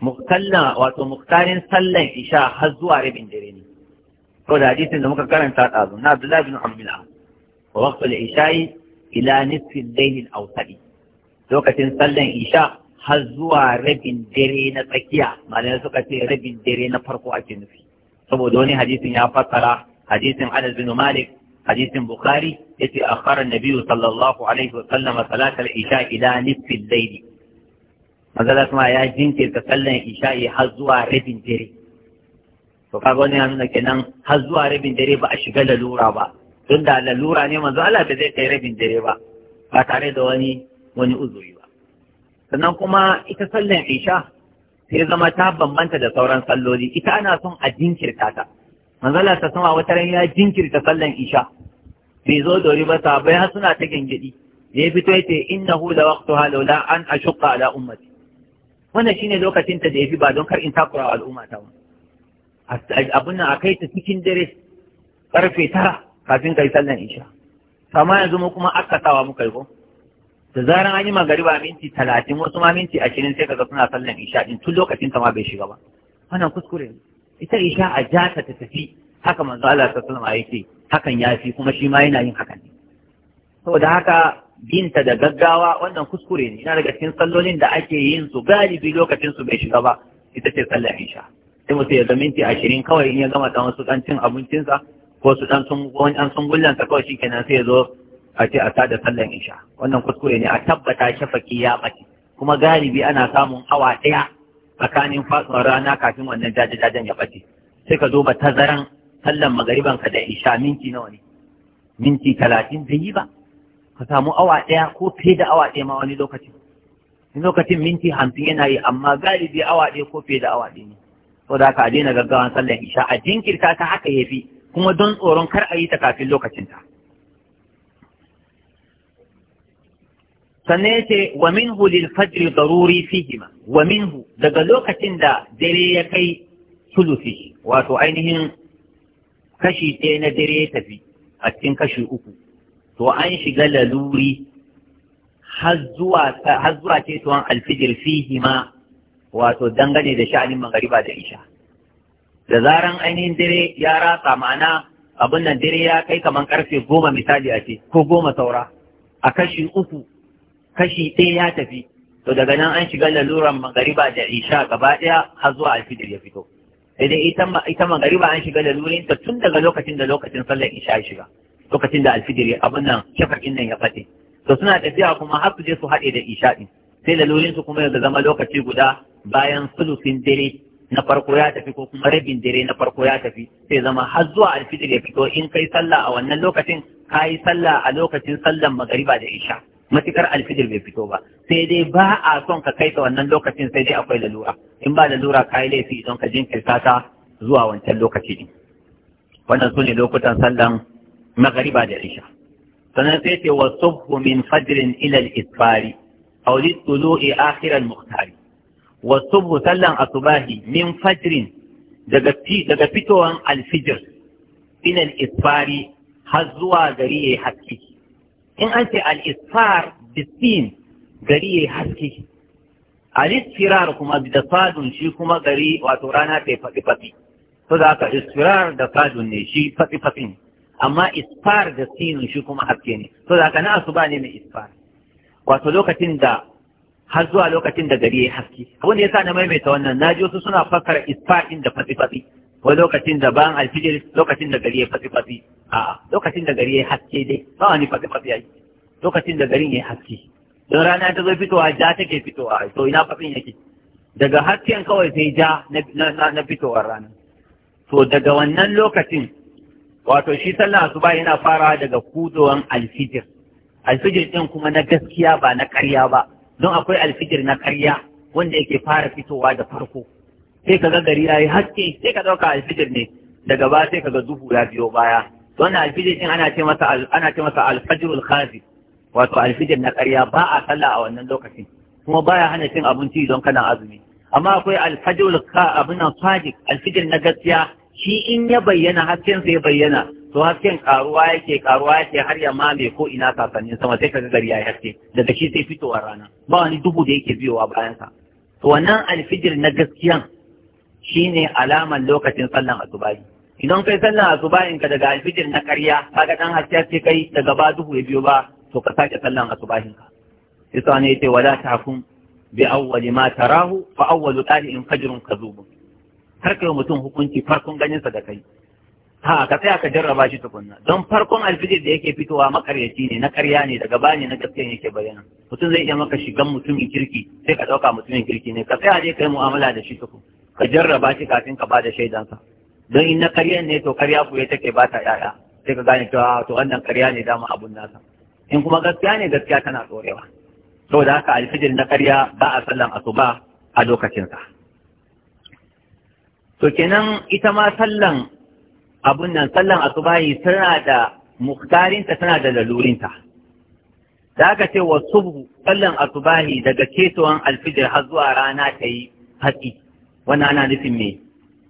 mukalla wato muktarin sallan isha har zuwa rabin dare ne to da hadisin da muka karanta ɗazu na Abdullahi bin Abdullah wa waqtul isha'i ila nisfi al-layl lokacin sallan isha har zuwa rabin dare na tsakiya malamai suka ce rabin dare na farko ake nufi saboda wani hadisin ya fassara hadisin Anas bin Malik hadisin Bukhari yace akhara Nabi sallallahu alaihi wa sallam salatal isha ila nisfi al-layl manzala kuma ya jinkirta sallan isha'i har zuwa rabin dare to kaga wani ya nuna kenan har zuwa rabin dare ba a shiga lalura ba tunda da lalura ne manzo Allah da zai kai rabin dare ba ba tare da wani wani uzuri sannan kuma ita sallan isha sai zama ta bambanta da sauran salloli ita ana son a jinkirta ta manzala ta sama wata ran ya jinkirta sallan isha bai zo dori ba sabai har suna ta gingidi ya fito yace innahu la waqtuha laula an ashqa ala ummati wannan shine lokacin ta da fi ba don kar in takura wa al'umma ta abun nan kai ta cikin dare karfe tara kafin kai sallan isha amma yanzu mu kuma aka sawa muka yi ko da zaran an yi magariba minti talatin wasu ma minti ashirin sai kaga suna sallan isha din tun lokacin ma bai shiga ba wannan kuskure ita isha a jata ta tafi haka manzo Allah ta sallama yake hakan ya fi kuma shi ma yana yin hakan saboda haka binta da gaggawa wannan kuskure ne yana daga cikin sallolin da ake yin su galibi lokacin su bai shiga ba ita ce sallar isha sai mutum ya zama minti ashirin kawai in ya gama ta wasu dan cin abincinsa ko su dan sun wani an sun gullansa kawai shi kenan sai ya zo a ce a sada sallan isha wannan kuskure ne a tabbata shafaki ya ɓace kuma galibi ana samun awa ɗaya tsakanin fatsuwar rana kafin wannan jajajajen ya ɓace sai ka zo ba tazaran sallan magariban ka da isha minti nawa ne minti talatin zai yi ba ka samu awa ɗaya ko fiye da awa ɗaya ma wani lokacin wani lokacin minti hamsin yana yi amma galibi awa ɗaya ko fiye da awa ɗaya ne saboda haka a daina gaggawan sallan isha a jinkirta ta haka ya fi kuma don tsoron kar a yi ta kafin lokacinta. ta sannan yace wa minhu lil fajr daruri fihima wa minhu daga lokacin da dare ya kai sulusi wato ainihin kashi ɗaya na dare ya tafi a cikin kashi uku to an shiga laluri har zuwa ce tuwan alfijir ma wato dangane da sha'anin magariba da isha da zaran ainihin dare ya ratsa ma'ana abin nan dare ya kai kamar karfe goma misali a ce ko goma saura a kashi uku kashi ɗaya ya tafi to daga nan an shiga laluran magariba da isha gaba ɗaya har zuwa alfijir ya fito idan ita magariba an shiga lalurin ta tun daga lokacin da lokacin sallar isha ya shiga lokacin da alfijir ya abin nan shafakin nan ya fate to suna tafiya kuma har su je su haɗe da isha ɗin sai lalurin su kuma ya zama lokaci guda bayan sulusin dare na farko ya tafi ko kuma rabin dare na farko ya tafi sai zama har zuwa alfijir ya fito in kai sallah a wannan lokacin ka yi sallah a lokacin sallar magariba da isha matukar alfijir bai fito ba sai dai ba a son ka kai ta wannan lokacin sai dai akwai lalura in ba lalura kai laifi idan ka jinkirta ta zuwa wancan lokaci din wannan sune lokutan sallan magariba da isha sannan sai ce wa subhu min fajrin ila al-isfari aw lit-tulu'i akhir al-muqtari wa subhu sallan asubahi min fajrin daga daga fitowan al-fijr ila al-isfari har zuwa gari yayi haske in an ce al’isfar isfar bisin gari ya yi haske al’isfirar isfirar kuma da fadun shi kuma gari wato rana ta yi faɗi to da aka isfirar da fadun ne shi faɗi faɗi amma isfar da sinun shi kuma haske ne to da aka na ba ne mai isfar wato lokacin da har zuwa lokacin da gari ya yi haske abin da sa na maimaita wannan na ji wasu suna fakar isfar din da faɗi ko lokacin da ban alfijir lokacin da gari ya fasi fasi a'a lokacin da gari ya haske dai ba wani fasi fasi yi lokacin da garin ya haske don rana ta zo fitowa ja take fitowa to ina fasin yake daga hasken kawai sai ja na fitowar rana to daga wannan lokacin wato shi sallah ba yana farawa daga kudowan alfijir alfijir din kuma na gaskiya ba na karya ba don akwai alfijir na karya wanda yake fara fitowa da farko sai ka gari gari yi haske sai ka dauka alfijir ne daga ba sai ka ga duhu ya biyo baya wannan alfijir din ana ce masa ana ce wato alfijir na ƙarya ba a sallah a wannan lokacin kuma baya hana cin abinci don kana azumi amma akwai alfajrul ka abin nan alfijir na gaskiya shi in ya bayyana hasken sai ya bayyana to hasken karuwa yake karuwa yake har ya mame ko ina kafannin sama sai kaga gari ya yi haske daga shi sai fitowar rana ba wani duhu da yake biyowa bayan sa to wannan alfijir na gaskiyan Shi ne alaman lokacin sallan asubahi idan kai sallan asubahin ka daga alfijir na karya kaga dan ce kai daga ba duhu ya biyo ba to ka sake sallan asubahin ka isa ne yace wala tahkum bi awwali ma tarahu fa in tali'in fajrun kadhub kar kai mutum hukunci farkon ganin sa da kai ha ka tsaya ka jarraba shi tukunna don farkon alfijir da yake fitowa makaryaci ne na karya ne daga bani na gaskiya yake bayyana mutum zai iya maka shigan mutumin kirki sai ka ɗauka mutumin kirki ne ka tsaya dai kai mu'amala da shi tukunna ka jarraba shi kafin ka bada shaidansa. don in na karya ne to karya ku take ba ta yaya sai ka gane cewa ah, to wannan karya ne dama abun nasa in kuma gaskiya ne gaskiya tana tsorewa saboda haka alfijir na karya ba a sallan asuba a lokacinsa to kenan ita ma sallan abun nan sallan yi tana da muktarinta tana da lalurinta da aka ce wa subu sallan asubahi daga ketowan alfijir har zuwa rana ta yi hatsi wannan ana nufin me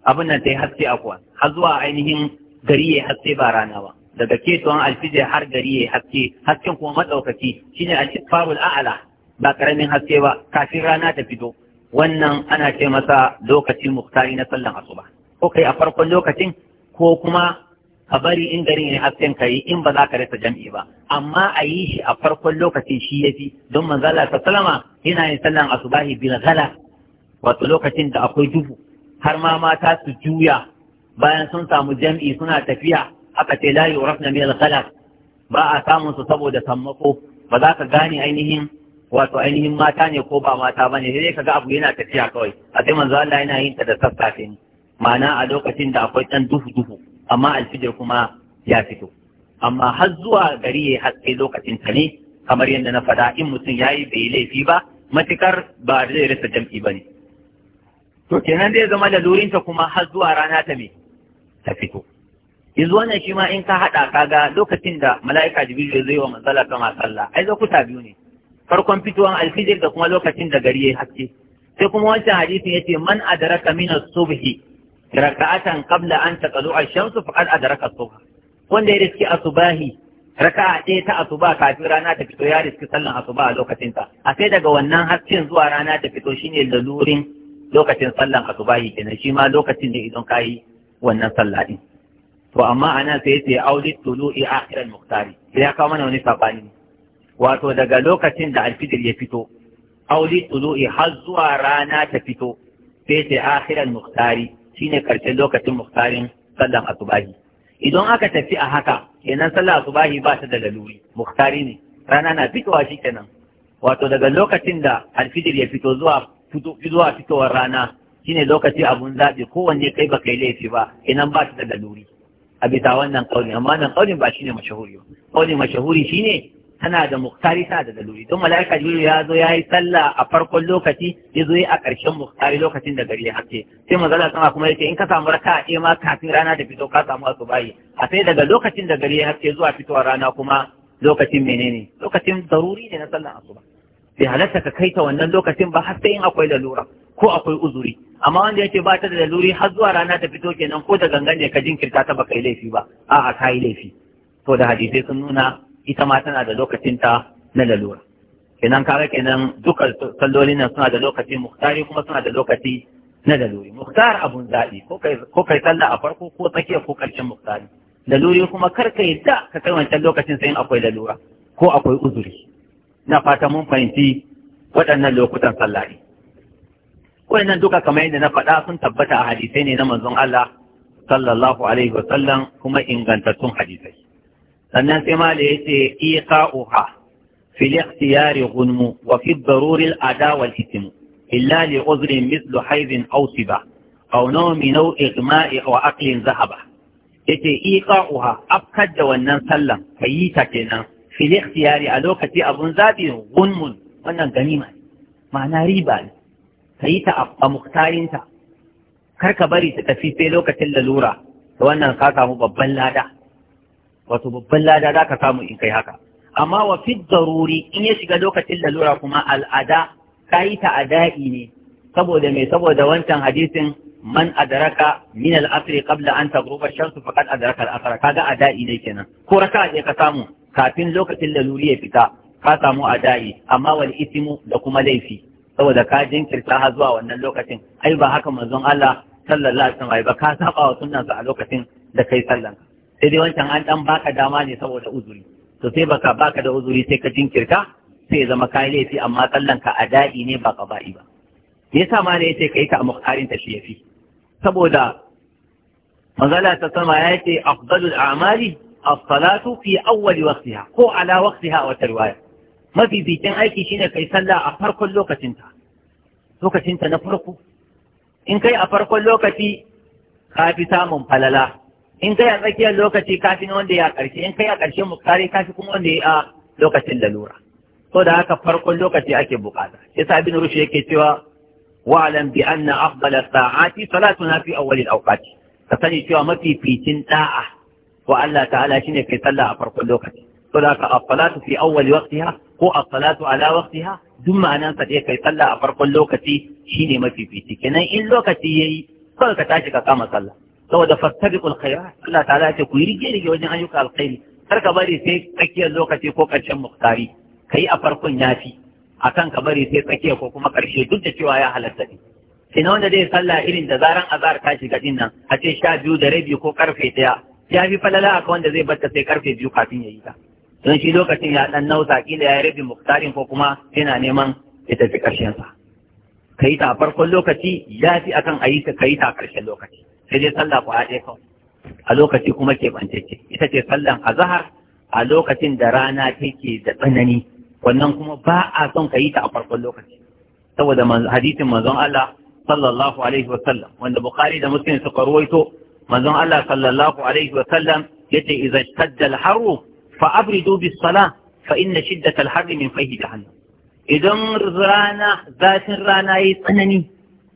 abin nan ta yi haske a kuwa har zuwa ainihin gari ya haske ba rana ba daga ketuwan alfijir har gari ya haske hasken kuma matsaukaki shine alfarul a'ala ba karamin haske ba kafin rana ta fito wannan ana ce masa lokacin muktari na sallan asuba ko kai a farkon lokacin ko kuma a bari in gari ya hasken kai in ba za ka rasa jam'i ba amma a yi shi a farkon lokacin shi yafi don manzala ta salama yana yin sallan asubahi bil ghala wato lokacin da akwai duhu har ma mata su juya bayan sun samu jam'i suna tafiya aka ce la yurafna na mil khalaq ba a samun su saboda sammako ba za ka gane ainihin wato ainihin mata ne ko ba mata bane sai dai ka ga abu yana tafiya kawai a sai manzo Allah yana yin ta da sassafe ne ma'ana a lokacin da akwai dan duhu duhu amma alfijir kuma ya fito amma har zuwa gari ya haske lokacin ta ne kamar yadda na faɗa in mutum yayi bai laifi ba matukar ba zai rasa jam'i ba ne. to kenan zai zama da lalurinta kuma har zuwa rana ta me ta fito yanzu wannan shi ma in ka haɗa ka ga lokacin da mala'ika jibril zai wa manzala ta sallah ai lokuta biyu ne farkon fitowar alfijir da kuma lokacin da gari ya haske sai kuma wancan hadisin yace man adraka min as-subhi raka'atan qabla an taqalu ash-shams faqad adraka as-subha wanda ya riski asubahi raka'a ɗaya ta asuba kafin rana ta fito ya riski sallan asuba a lokacin ta a sai daga wannan hasken zuwa rana ta fito shine lalurin lokacin sallan asubahi kenan shi ma lokacin ne idan kayi wannan sallah din to amma ana sai sai audit tulu'i akhiral muqtari sai ya kawo mana wani sabani wato daga lokacin da alfijir ya fito audit tulu'i har zuwa rana ta fito sai yace akhiral muqtari shine karshen lokacin muqtarin sallan asubahi idan aka tafi a haka kenan sallan asubahi ba ta da laluri muqtari ne rana na fitowa shikenan wato daga lokacin da alfijir ya fito zuwa fitowa fitowar rana shine lokaci abun zaɓe kowanne kai ba kai laifi ba inan ba shi da daluri a bisa wannan ƙauni amma wannan ƙaunin ba shine mashahuri ba ƙaunin mashahuri shine tana da muktari tana da daluri don mala'ika jibril ya zo ya yi sallah a farkon lokaci ya zo a ƙarshen muktari lokacin da gari ya haske sai manzala sama kuma yake in ka samu raka a ma kafin rana ta fito ka samu asubahi a sai daga lokacin da gari ya haske zuwa fitowar rana kuma lokacin menene lokacin daruri ne na sallan asuba bai halatta ka kai ta wannan lokacin ba har sai in akwai lalura ko akwai uzuri amma wanda yake ba ta da laluri har zuwa rana ta fito kenan ko da gangan ne ka jinkirta ta baka yi laifi ba a'a ka yi laifi to da hadisai sun nuna ita ma tana da lokacin ta na lalura kenan kaga kenan duka sallolin nan suna da lokaci muhtari kuma suna da lokaci na laluri muhtar abun zaɓi ko kai sallah a farko ko tsakiya ko ƙarshen muhtari laluri kuma kar ka da ka kai wancan lokacin sai in akwai lalura ko akwai uzuri na fata mun fahimci waɗannan lokutan sallari. Wannan duka kamar yadda na faɗa sun tabbata a hadisai ne na manzon Allah sallallahu alaihi wa sallam kuma ingantattun hadisai. Sannan sai mala ya ce iya uha fil ikhtiyari gunmu wa fi daruri al'ada wal ismu illa li uzrin mithlu haidin aw siba aw nawmi naw igma'i wa aqlin zahaba. Yace iqa'uha afkad da wannan sallan kayita kenan fil ikhtiyari a lokaci abun zaɓi gunmun wannan ganima ne ma'ana riba ne ka yi ta a muktarinta kar ka bari ta tafi sai lokacin lalura da wannan ka samu babban lada wato babban lada za ka samu in kai haka amma wa fi daruri in ya shiga lokacin lalura kuma al'ada ka yi ta ada'i ne saboda mai saboda wancan hadisin man adaraka min al-asri qabla an tagruba ash-shams faqad adaraka al-asra kaga ada'i ne kenan ko raka'a ne ka samu kafin lokacin da laluri ya fita ka samu adai amma wani itimu da kuma laifi saboda ka jinkirta har zuwa wannan lokacin ai ba haka manzon Allah sallallahu alaihi wasallam ba ka saba wa sunnansa a lokacin da kai sallan sai dai wancan an dan baka dama ne saboda uzuri to sai baka baka da uzuri sai ka jinkirta sai zama kai laifi amma sallan ka adai ne ba baɗi ba me yasa ma ne yace kai ka mukhtarin yafi saboda manzala ta sama ya ce afdalul a'mali as-salatu fi awwali waqtiha ko ala waqtiha a wata riwaya mafi bikin aiki shine kai sallah a farkon lokacinta lokacinta na farko in kai a farkon lokaci ka samun falala in kai a tsakiyar lokaci ka wanda ya karshe in kai a karshen muktari ka kuma wanda ya lokacin lalura so da haka farkon lokaci ake bukata yasa ibn rushd yake cewa wa'lam bi anna afdala sa'ati salatuna fi awwal al-awqat ka sani cewa mafificin ɗa'a. ko Allah ta'ala shine kai sallah a farkon lokaci to da ka as-salatu fi awwal waqtiha ko a salatu ala waqtiha duk ma'anan sa kai sallah a farkon lokaci shine mafifici kenan in lokaci yayi kawai ka tashi ka kama sallah saboda fastabiqul khairat Allah ta'ala ya ce ku yi rige rige wajen ayyuka alkhairi kar ka bari sai tsakiyar lokaci ko karshen muktari kai a farkon yafi akan ka bari sai tsakiya ko kuma karshe duk da cewa ya halatta ne ina wanda zai sallah irin da zaran azar ka shiga din nan a ce sha biyu da rabi ko karfe daya ya fi falala akan wanda zai barta sai karfe biyu kafin ya yi ta don shi lokacin ya dan nausa kila ya rabe muktarin ko kuma yana neman ya tafi karshen sa kai ta farkon lokaci ya fi akan ayi ta kai ta karshen lokaci sai dai sallah ku haɗe kawai a lokaci kuma ke ce ita ce sallan azhar a lokacin da rana take da tsanani wannan kuma ba a son ka yi ta a farkon lokaci saboda hadisin manzon Allah sallallahu alaihi wasallam wanda Bukhari da Muslim suka ruwaito manzon Allah sallallahu alaihi wa sallam yace idza shadda al fa abridu bis-salah fa inna shiddat al-harri min fayhi jahannam idan rana zafin rana yayi tsanani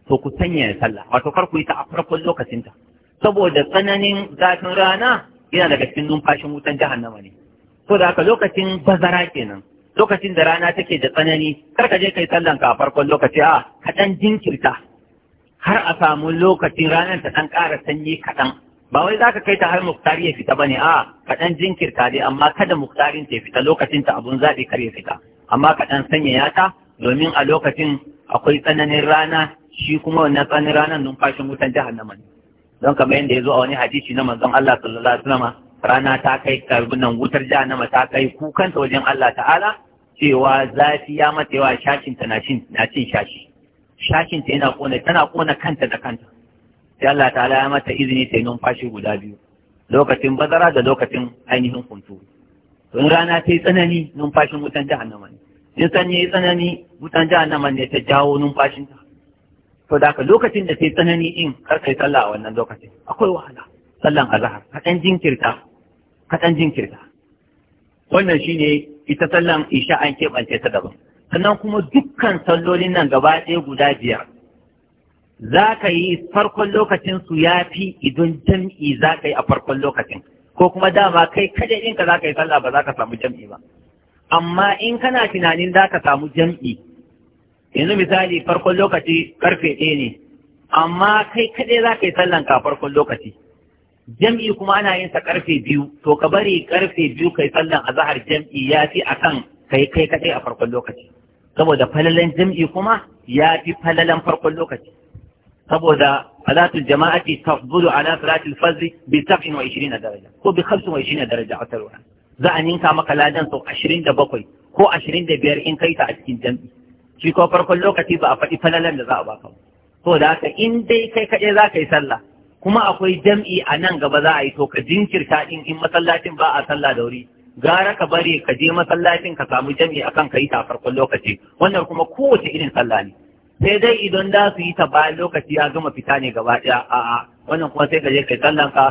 to ku sanya sallah wato kar ku yi ta a farkon lokacin ta saboda tsananin zafin rana yana daga cikin numfashin wutan jahannama ne Ko da haka lokacin bazara kenan lokacin da rana take da tsanani kar ka je kai sallan ka a farkon lokaci a kaɗan jinkirta har a samu lokacin ranar ta ɗan ƙara sanyi kaɗan ba wai za ka kai ta har muktari ya fita ba ne a kaɗan jinkirta dai amma kada muktarin ta fita lokacin ta abun zaɓi kar ya fita amma kaɗan ya ta domin a lokacin akwai tsananin rana shi kuma wannan tsananin ranar numfashin wutan jahannama ne don kamar yadda ya zo a wani hadisi na manzon Allah sallallahu alaihi wasallam rana ta kai karbunan wutar jahannama ta kai kukanta wajen Allah ta'ala cewa zafi ya matewa shashin ta na cin shashi shashin yana kona tana kona kanta da kanta sai Allah ta'ala ya mata izini ta numfashi guda biyu lokacin bazara da lokacin ainihin kuntu to in rana ta yi tsanani numfashin wutan jahannama ne in sanyi yi tsanani wutan jahannama ne ta jawo numfashin ta to da lokacin da ta yi tsanani in karka yi sallah a wannan lokacin akwai wahala sallan azahar, kaɗan jinkirta kaɗan jinkirta wannan shine ita sallan isha an keɓance ta daban sannan kuma dukkan sallolin nan gaba ɗaya guda biyar za ka yi farkon lokacin su ya fi idan jam'i za ka yi a farkon lokacin ko kuma dama kai kada ɗinka za ka yi sallah ba za ka samu jam'i ba amma in kana tunanin za ka samu jam'i yanzu misali farkon lokaci karfe ɗaya ne amma kai kaɗai za ka yi sallan ka farkon lokaci jam'i kuma ana yin sa karfe biyu to ka bari karfe biyu kai sallan a zahar jam'i ya fi akan kai kai kaɗai a farkon lokaci saboda falalan jam'i kuma ya fi falalan farkon lokaci saboda salatul jama'ati tafdulu ala salatul fajr bi 27 daraja ko bi 25 daraja a tarwa za a ninka maka ladan sau 27 ko 25 in kai ta a cikin jam'i shi ko farkon lokaci ba a faɗi falalan da za a baka ba da haka in dai kai kaɗai za ka yi sallah kuma akwai jam'i a nan gaba za a yi to ka jinkirta in in masallacin ba a sallah da wuri gara ka bari ka je masallacin ka samu jam'i akan ka yi ta farkon lokaci wannan kuma kowace irin sallah ne sai dai idan za su yi ta bayan lokaci ya gama fita ne gaba ɗaya a'a wannan kuma sai ka je kai sallan ka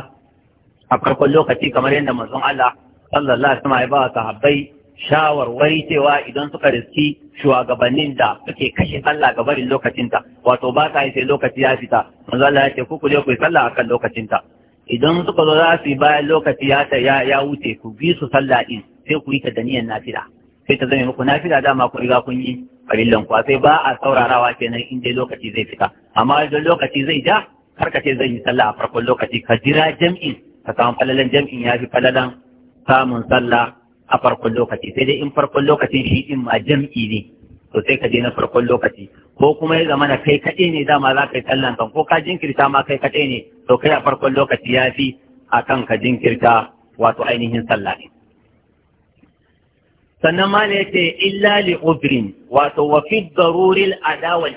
a farkon lokaci kamar yadda manzon Allah sallallahu alaihi wasallam ya ba sahabbai shawarwari cewa idan suka riski shugabannin da suke kashe sallah ga barin lokacinta wato ba sa yi sai lokaci ya fita manzon Allah ya ce ku ku je ku yi sallah akan lokacinta idan suka zo za su yi bayan lokaci ya wuce ku bi su sallah din sai ku yi ta da niyyar nafila sai ta zame muku nafila dama ku riga kun yi farillan ku sai ba a saurarawa kenan in dai lokaci zai fita amma idan lokaci zai ja har ka ce zai yi sallah a farkon lokaci ka jira jam'in ka samu falalan jam'in ya fi falalan samun sallah a farkon lokaci sai dai in farkon lokacin shi din ma jam'i ne to sai ka je na farkon lokaci ko kuma ya zama na kai kaɗai ne dama za ka yi sallan kan ko ka jinkirta ma kai kaɗai ne to kai a farkon lokaci ya fi a kan ka jinkirta wato ainihin sallah ne sannan ma ne ce illa li udrin wato wa fi daruril ada wal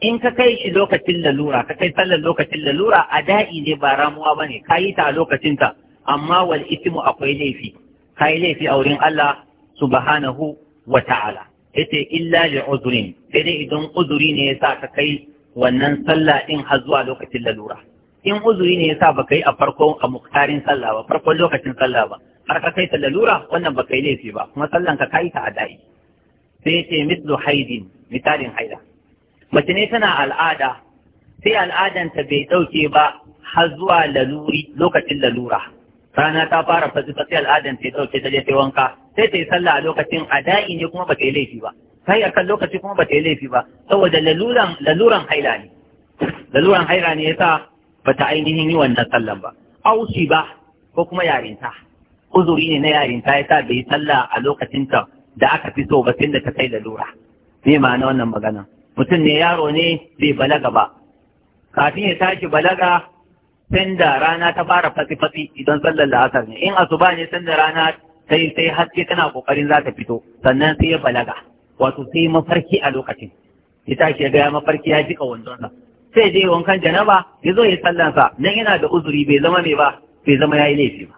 in ka kai shi lokacin lalura ka kai sallar lokacin lalura a da'i ne ba ramuwa bane kayi ta a lokacin ta amma wal ismu akwai laifi kayi laifi a wurin Allah subhanahu wa ta'ala yace illa li udrin sai dai idan uduri ne yasa ka kai wannan sallah ɗin har zuwa lokacin lalura in uzuri ne yasa baka yi a farkon a muktarin sallah ba farkon lokacin sallah ba har ka kai ta lalura wannan baka yi laifi ba kuma sallan ka kai ta ada'i. da'i sai ce mislu haidin misalin haida mace ne tana al'ada sai al'adanta bai dauke ba har zuwa laluri lokacin lalura rana ta fara fasifa sai al'adan ta ɗauke ta je ta wanka sai ta yi sallah a lokacin a da'i ne kuma ba yi laifi ba sai a kan lokaci kuma ba yi laifi ba saboda laluran laluran haila ne laluran haila ne yasa Ba ta ainihin yi wannan sallan ba ausi ba ko kuma yarinta uzuri ne na yarinta ya sa bai sallah a lokacin ta da aka fi so ba tun da ta kai da lura. me ma'ana wannan magana mutum ne yaro ne bai balaga ba kafin ya tashi balaga sai da rana ta fara fatsi-fatsi idan sallar la'asar ne in asuba ne sai da rana sai sai haske tana kokarin za ta fito sannan sai ya balaga wato sai mafarki a lokacin ya tashi ya gaya mafarki ya jika wandonsa sai je wankan janaba ya zo ya sallansa nan yana da uzuri bai zama mai ba bai zama yayi laifi ba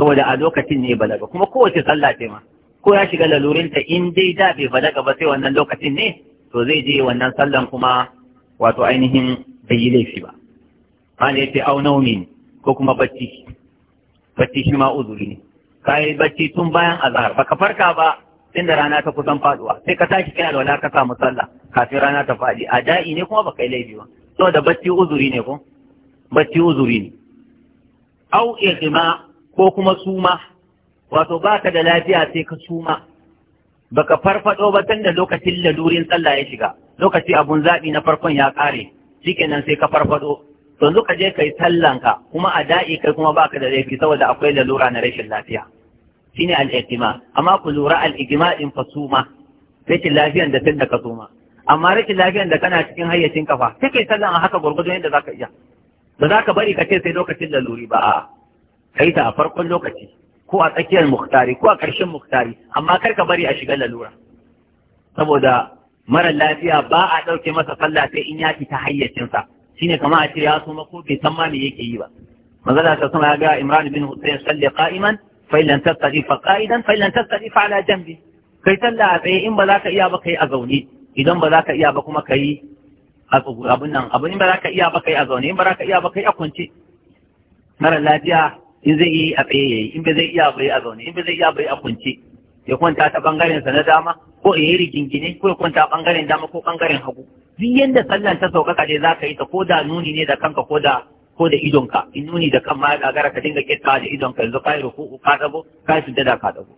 saboda a lokacin ne balaga kuma kowace sallah ce ma ko ya shiga lalurinta in dai da bai balaga ba sai wannan lokacin ne to zai je wannan sallan kuma wato ainihin bai yi laifi ba ana yace au naumi ko kuma bacci bacci shi ma uzuri ne kai bacci tun bayan azhar baka farka ba inda rana ta kusan faduwa sai ka tashi kana da wala ka samu sallah kafin rana ta fadi a da'i ne kuma baka yi laifi ba saboda bacci uzuri ne ko bacci uzuri ne au ijma ko kuma suma wato baka da lafiya sai ka suma baka farfado ba tun da lokacin lalurin sallah ya shiga lokaci abun zabi na farkon ya kare shikenan sai ka farfado yanzu ka je kai sallanka kuma a da'i kai kuma baka da laifi saboda akwai lalura na rashin lafiya shine al amma ku lura al din fasuma rashin lafiyan da tunda ka suma amma rikin lafiyan da kana cikin hayyacin kafa sai kai sallan a haka gurgudun yadda zaka iya ba za ka bari ka ce sai lokacin laluri ba a kai ta a farkon lokaci ko a tsakiyar muktari ko a ƙarshen muktari amma kar ka bari a shiga lalura saboda mara lafiya ba a ɗauke masa sallah sai in ya fita hayyacinsa shine kama a cire ya suma ko bai san ma me yake yi ba manzala ta sama ya ga Imran bin Hussein salli qa'iman fa illan tastati fa qa'idan fa illan tastati fa kai talla a tsaye in ba za ka iya ba kai a zaune idan ba za ka iya ba kuma kai abun nan abun in ba za ka iya ba kai a zaune in ba za ka iya ba kai a kwance mara lafiya in zai yi a tsaye yayi in ba zai iya ba a zaune in ba zai iya ba a kwance ya kwanta ta bangaren na dama ko ya yi rigingine ko ya kwanta bangaren dama ko bangaren hagu duk yanda sallan ta sauƙaƙa dai za ka yi ta ko da nuni ne da kanka ko da ko da idonka in nuni da kan ma gara ka dinga kirka da idonka yanzu ka yi ruku'u ka dago ka yi sujjada ka dago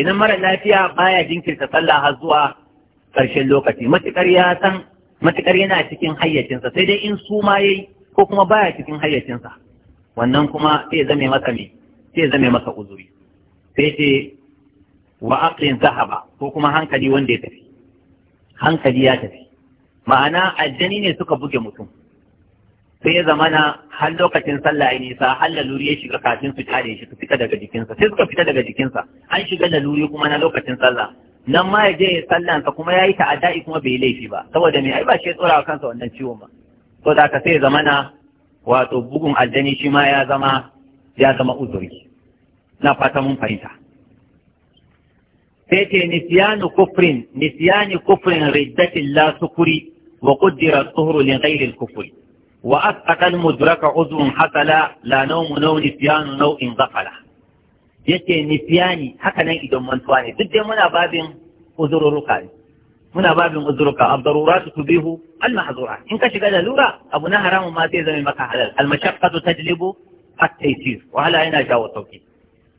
idan mara lafiya baya jinkirta sallah har zuwa ƙarshen lokaci matukar ya san matukar yana cikin hayyacinsa sai dai in su ma yayi ko kuma baya cikin hayyacinsa wannan kuma sai zame masa me sai zame masa uzuri sai ce wa aqlin zahaba ko kuma hankali wanda ya tafi hankali ya tafi ma'ana aljani ne suka buge mutum sai ya zamana har lokacin sallah ya nisa har laluri ya shiga kafin su tare shi su fita daga jikinsa sai suka fita daga jikinsa an shiga laluri kuma na lokacin sallah nan ma ya je ya sallansa kuma ya yi ta'adda'i kuma bai laifi ba saboda me ai ba shi ya tsora wa kansa wannan ciwon ba to da ka sai zamana wato bugun aljani shi ma ya zama ya zama uzuri na fata mun fahimta sai ce nisyanu kufrin nisyani kufrin riddatin sukuri wa qaddara suhru li ghairi kufri وأسقط المدرك عضو حصل لا نوم نو نسيان نو انغفل yace nifiyani haka nan idan mantuwa ne duk dai muna babin uzururuka ne muna babin uzururuka. uzuruka abdaruratu tubihu almahzura in ka shiga lalura abu na haramu ma zai zama maka halal almashaqqatu tajlibu at-taysir wahala yana jawo sauki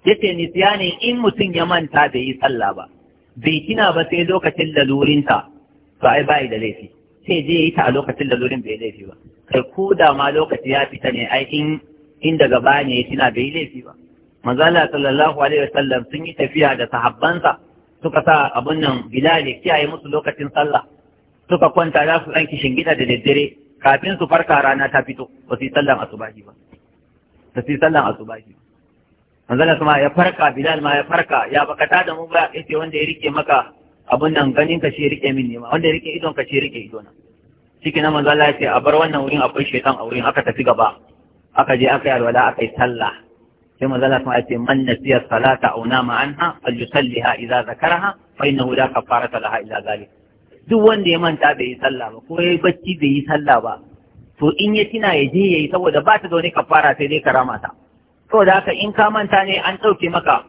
yace nisiyani in mutum ya manta bai yi sallah ba bai kina ba sai lokacin lalurinta to ai bai da laifi sai je yi ta a lokacin lalurin bai laifi ba da ko da ma lokaci ya fita ne ai in in daga bani ne ya tuna bai laifi ba manzo Allah sallallahu alaihi wasallam sun yi tafiya da sahabbansa suka sa abun nan Bilal ya kiyaye musu lokacin sallah suka kwanta za su ɗan gida da daddare kafin su farka rana ta fito ba su yi sallan asubahi ba ba su yi sallan asubahi ba manzala kuma ya farka bilal ma ya farka ya bakata da mu ba yace wanda ya rike maka abun nan ganin ka shi rike min ne ma wanda ya rike idon ka shi rike idona ciki na manzo Allah ya a bar wannan wurin akwai shaitan a wurin aka tafi gaba aka je aka yi alwala aka yi sallah sai manzo Allah ya ce man nasiya salata aw nama anha falyusalliha idza zakaraha fa innahu la kafarata laha illa zalik duk wanda ya manta bai yi sallah ba ko yayi bacci bai yi sallah ba to in ya tina ya je yayi saboda ba ta da wani kafara sai dai karama ta saboda haka in ka manta ne an ɗauke maka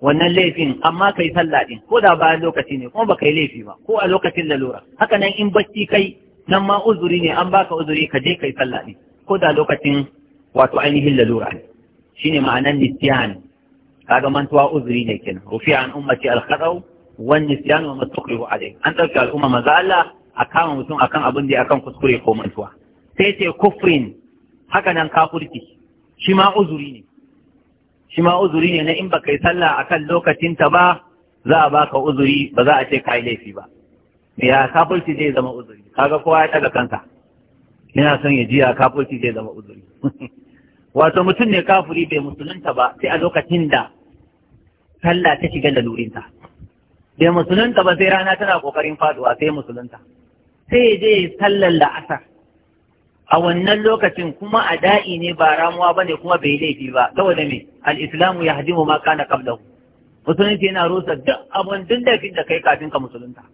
wannan laifin amma kai sallah din ko da bayan lokaci ne kuma baka yi laifi ba ko a lokacin lalura haka nan in bacci kai nan ma uzuri ne an baka uzuri ka je kai sallah ne ko da lokacin wato ainihin lalura ne shine ma'anan nisyan kaga mantuwa uzuri ne kenan rufi'a an ummati al-khata'u wan nisyan wa matuqihu alayhi an dauki al'umma maza Allah a kama mutum akan abin da akan kuskure ko mantuwa sai ce kufrin haka nan kafurci shi ma uzuri ne shi ma uzuri ne na in baka yi sallah akan lokacin ta ba za a baka uzuri ba za a ce kai laifi ba ya kafurci zai zama uzuri kaga kowa ya daga kansa yana son ya jiya kafirci zai zama uzuri wato mutum ne kafiri bai musulunta ba sai a lokacin da sallah ta shiga lurinta bai musulunta ba sai rana tana kokarin faduwa sai musulunta sai ya je sallar la'asar a wannan lokacin kuma a da'i ne ba ramuwa ba ne kuma bai laifi ba saboda me al-islamu ya hadimu ma kana qablahu musulunci yana rusa duk abin duk da kai kafin ka musulunta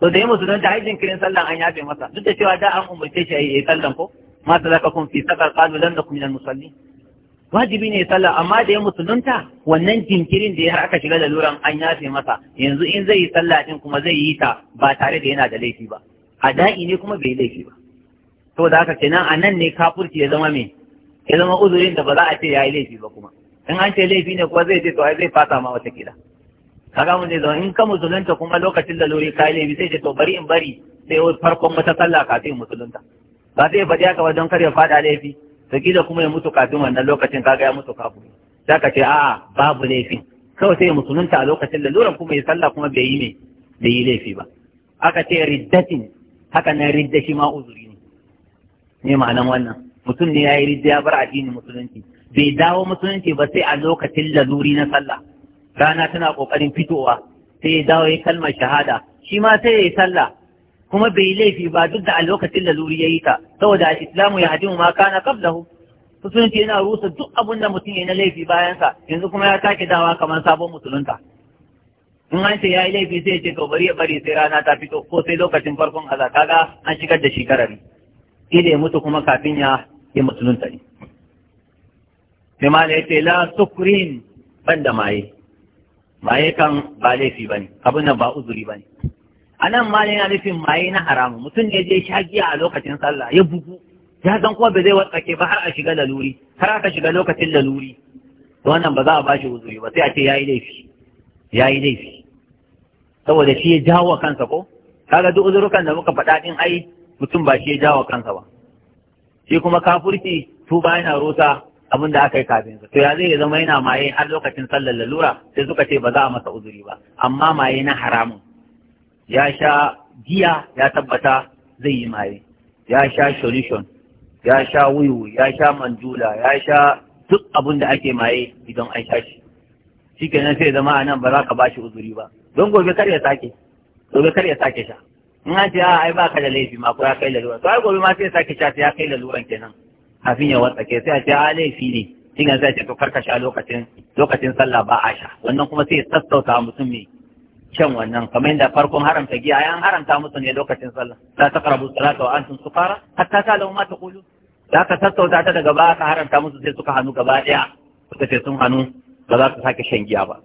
to da ya musulunta ai kirin sallan an yafe masa duk da cewa da an umarce shi yi sallan ko ma kun fi sakar qalu da nakum musalli. wajibi ne sallah amma da ya musulunta wannan jinkirin da ya aka shiga da luran an yafe masa yanzu in zai yi sallah din kuma zai yi ta ba tare da yana da laifi ba A dai ne kuma bai laifi ba to da haka kenan a nan ne kafurci ya zama me ya zama uzurin da ba za a ce yayi laifi ba kuma in an ce laifi ne kuwa zai ce to ai zai fata ma wata kila kaga mun zai zama in ka musulunta kuma lokacin da lori ka laifi sai ce to bari in bari sai farkon wata sallah kafin musulunta ba sai faɗi haka ba don kar ya faɗa laifi to kila kuma ya mutu kafin wannan lokacin kaga ya mutu kafin sai ka ce a'a babu laifin kawai sai musulunta a lokacin da luran kuma ya sallah kuma bai yi ne bai yi laifi ba aka ce riddatin haka nan ridda shi ma uzuri ne ne ma'anan wannan mutum ne ya yi ridda ya bar addinin musulunci bai dawo musulunci ba sai a lokacin laluri na sallah rana tana kokarin fitowa sai ya dawo ya kalmar shahada shi ma sai ya yi sallah kuma bai laifi ba duk da a da Luri ya yi ta saboda islamu ya hadimu ma kana qablahu musulunci yana rusa duk abin da mutum ya na laifi bayansa yanzu kuma ya sake dawa kamar sabon musulunta in an ce ya yi laifi sai ya ce to ya bari sai rana ta fito ko sai lokacin farkon kaza kaga an shigar da shi karari da ya mutu kuma kafin ya yi musulunta ne sai ma ya ce la sukrin ban da maye maye kan ba laifi ba ne abin nan ba uzuri ba ne a nan ma yana nufin maye na haramu mutum ne je sha giya a lokacin sallah ya bugu ya san kuma ba zai watsake ba har a shiga laluri har aka shiga lokacin laluri to wannan ba za a bashi uzuri ba sai a ce yi laifi yi laifi saboda shi ya jawo kansa ko kaga duk uzurukan da muka faɗa ɗin ai mutum ba shi ya jawo kansa ba shi kuma kafurci tuba yana rusa abin da aka yi kafin sa to ya zai zama yana maye har lokacin sallar lalura sai suka ce ba za a masa uzuri ba amma maye na haramun ya sha giya ya tabbata zai yi maye ya sha solution ya sha wuyu ya sha manjula ya sha duk abin da ake maye idan an sha shi kenan sai zama a nan ba za ka ba shi uzuri ba don gobe kar ya sake gobe kar ya sake sha in an ce a ai ba ka da laifi ma ko ya kai laluran to ai gobe ma sai ya sake sha sai ya kai laluran kenan kafin ya watsake sai a ce a ah, laifi ne shi ne sai a ce to karka sha lokacin lokacin sallah ba a sha wannan kuma sai ya sassauta mutum mai shan wannan kamar yadda farkon haramta giya an haramta musu ne lokacin sallah Ta la taqrabu salata wa antum sukara hatta lau ma kulu? da aka sassauta ta daga baya aka haramta musu sai suka hannu gaba daya suka ce sun hannu ba za su sake shan giya ba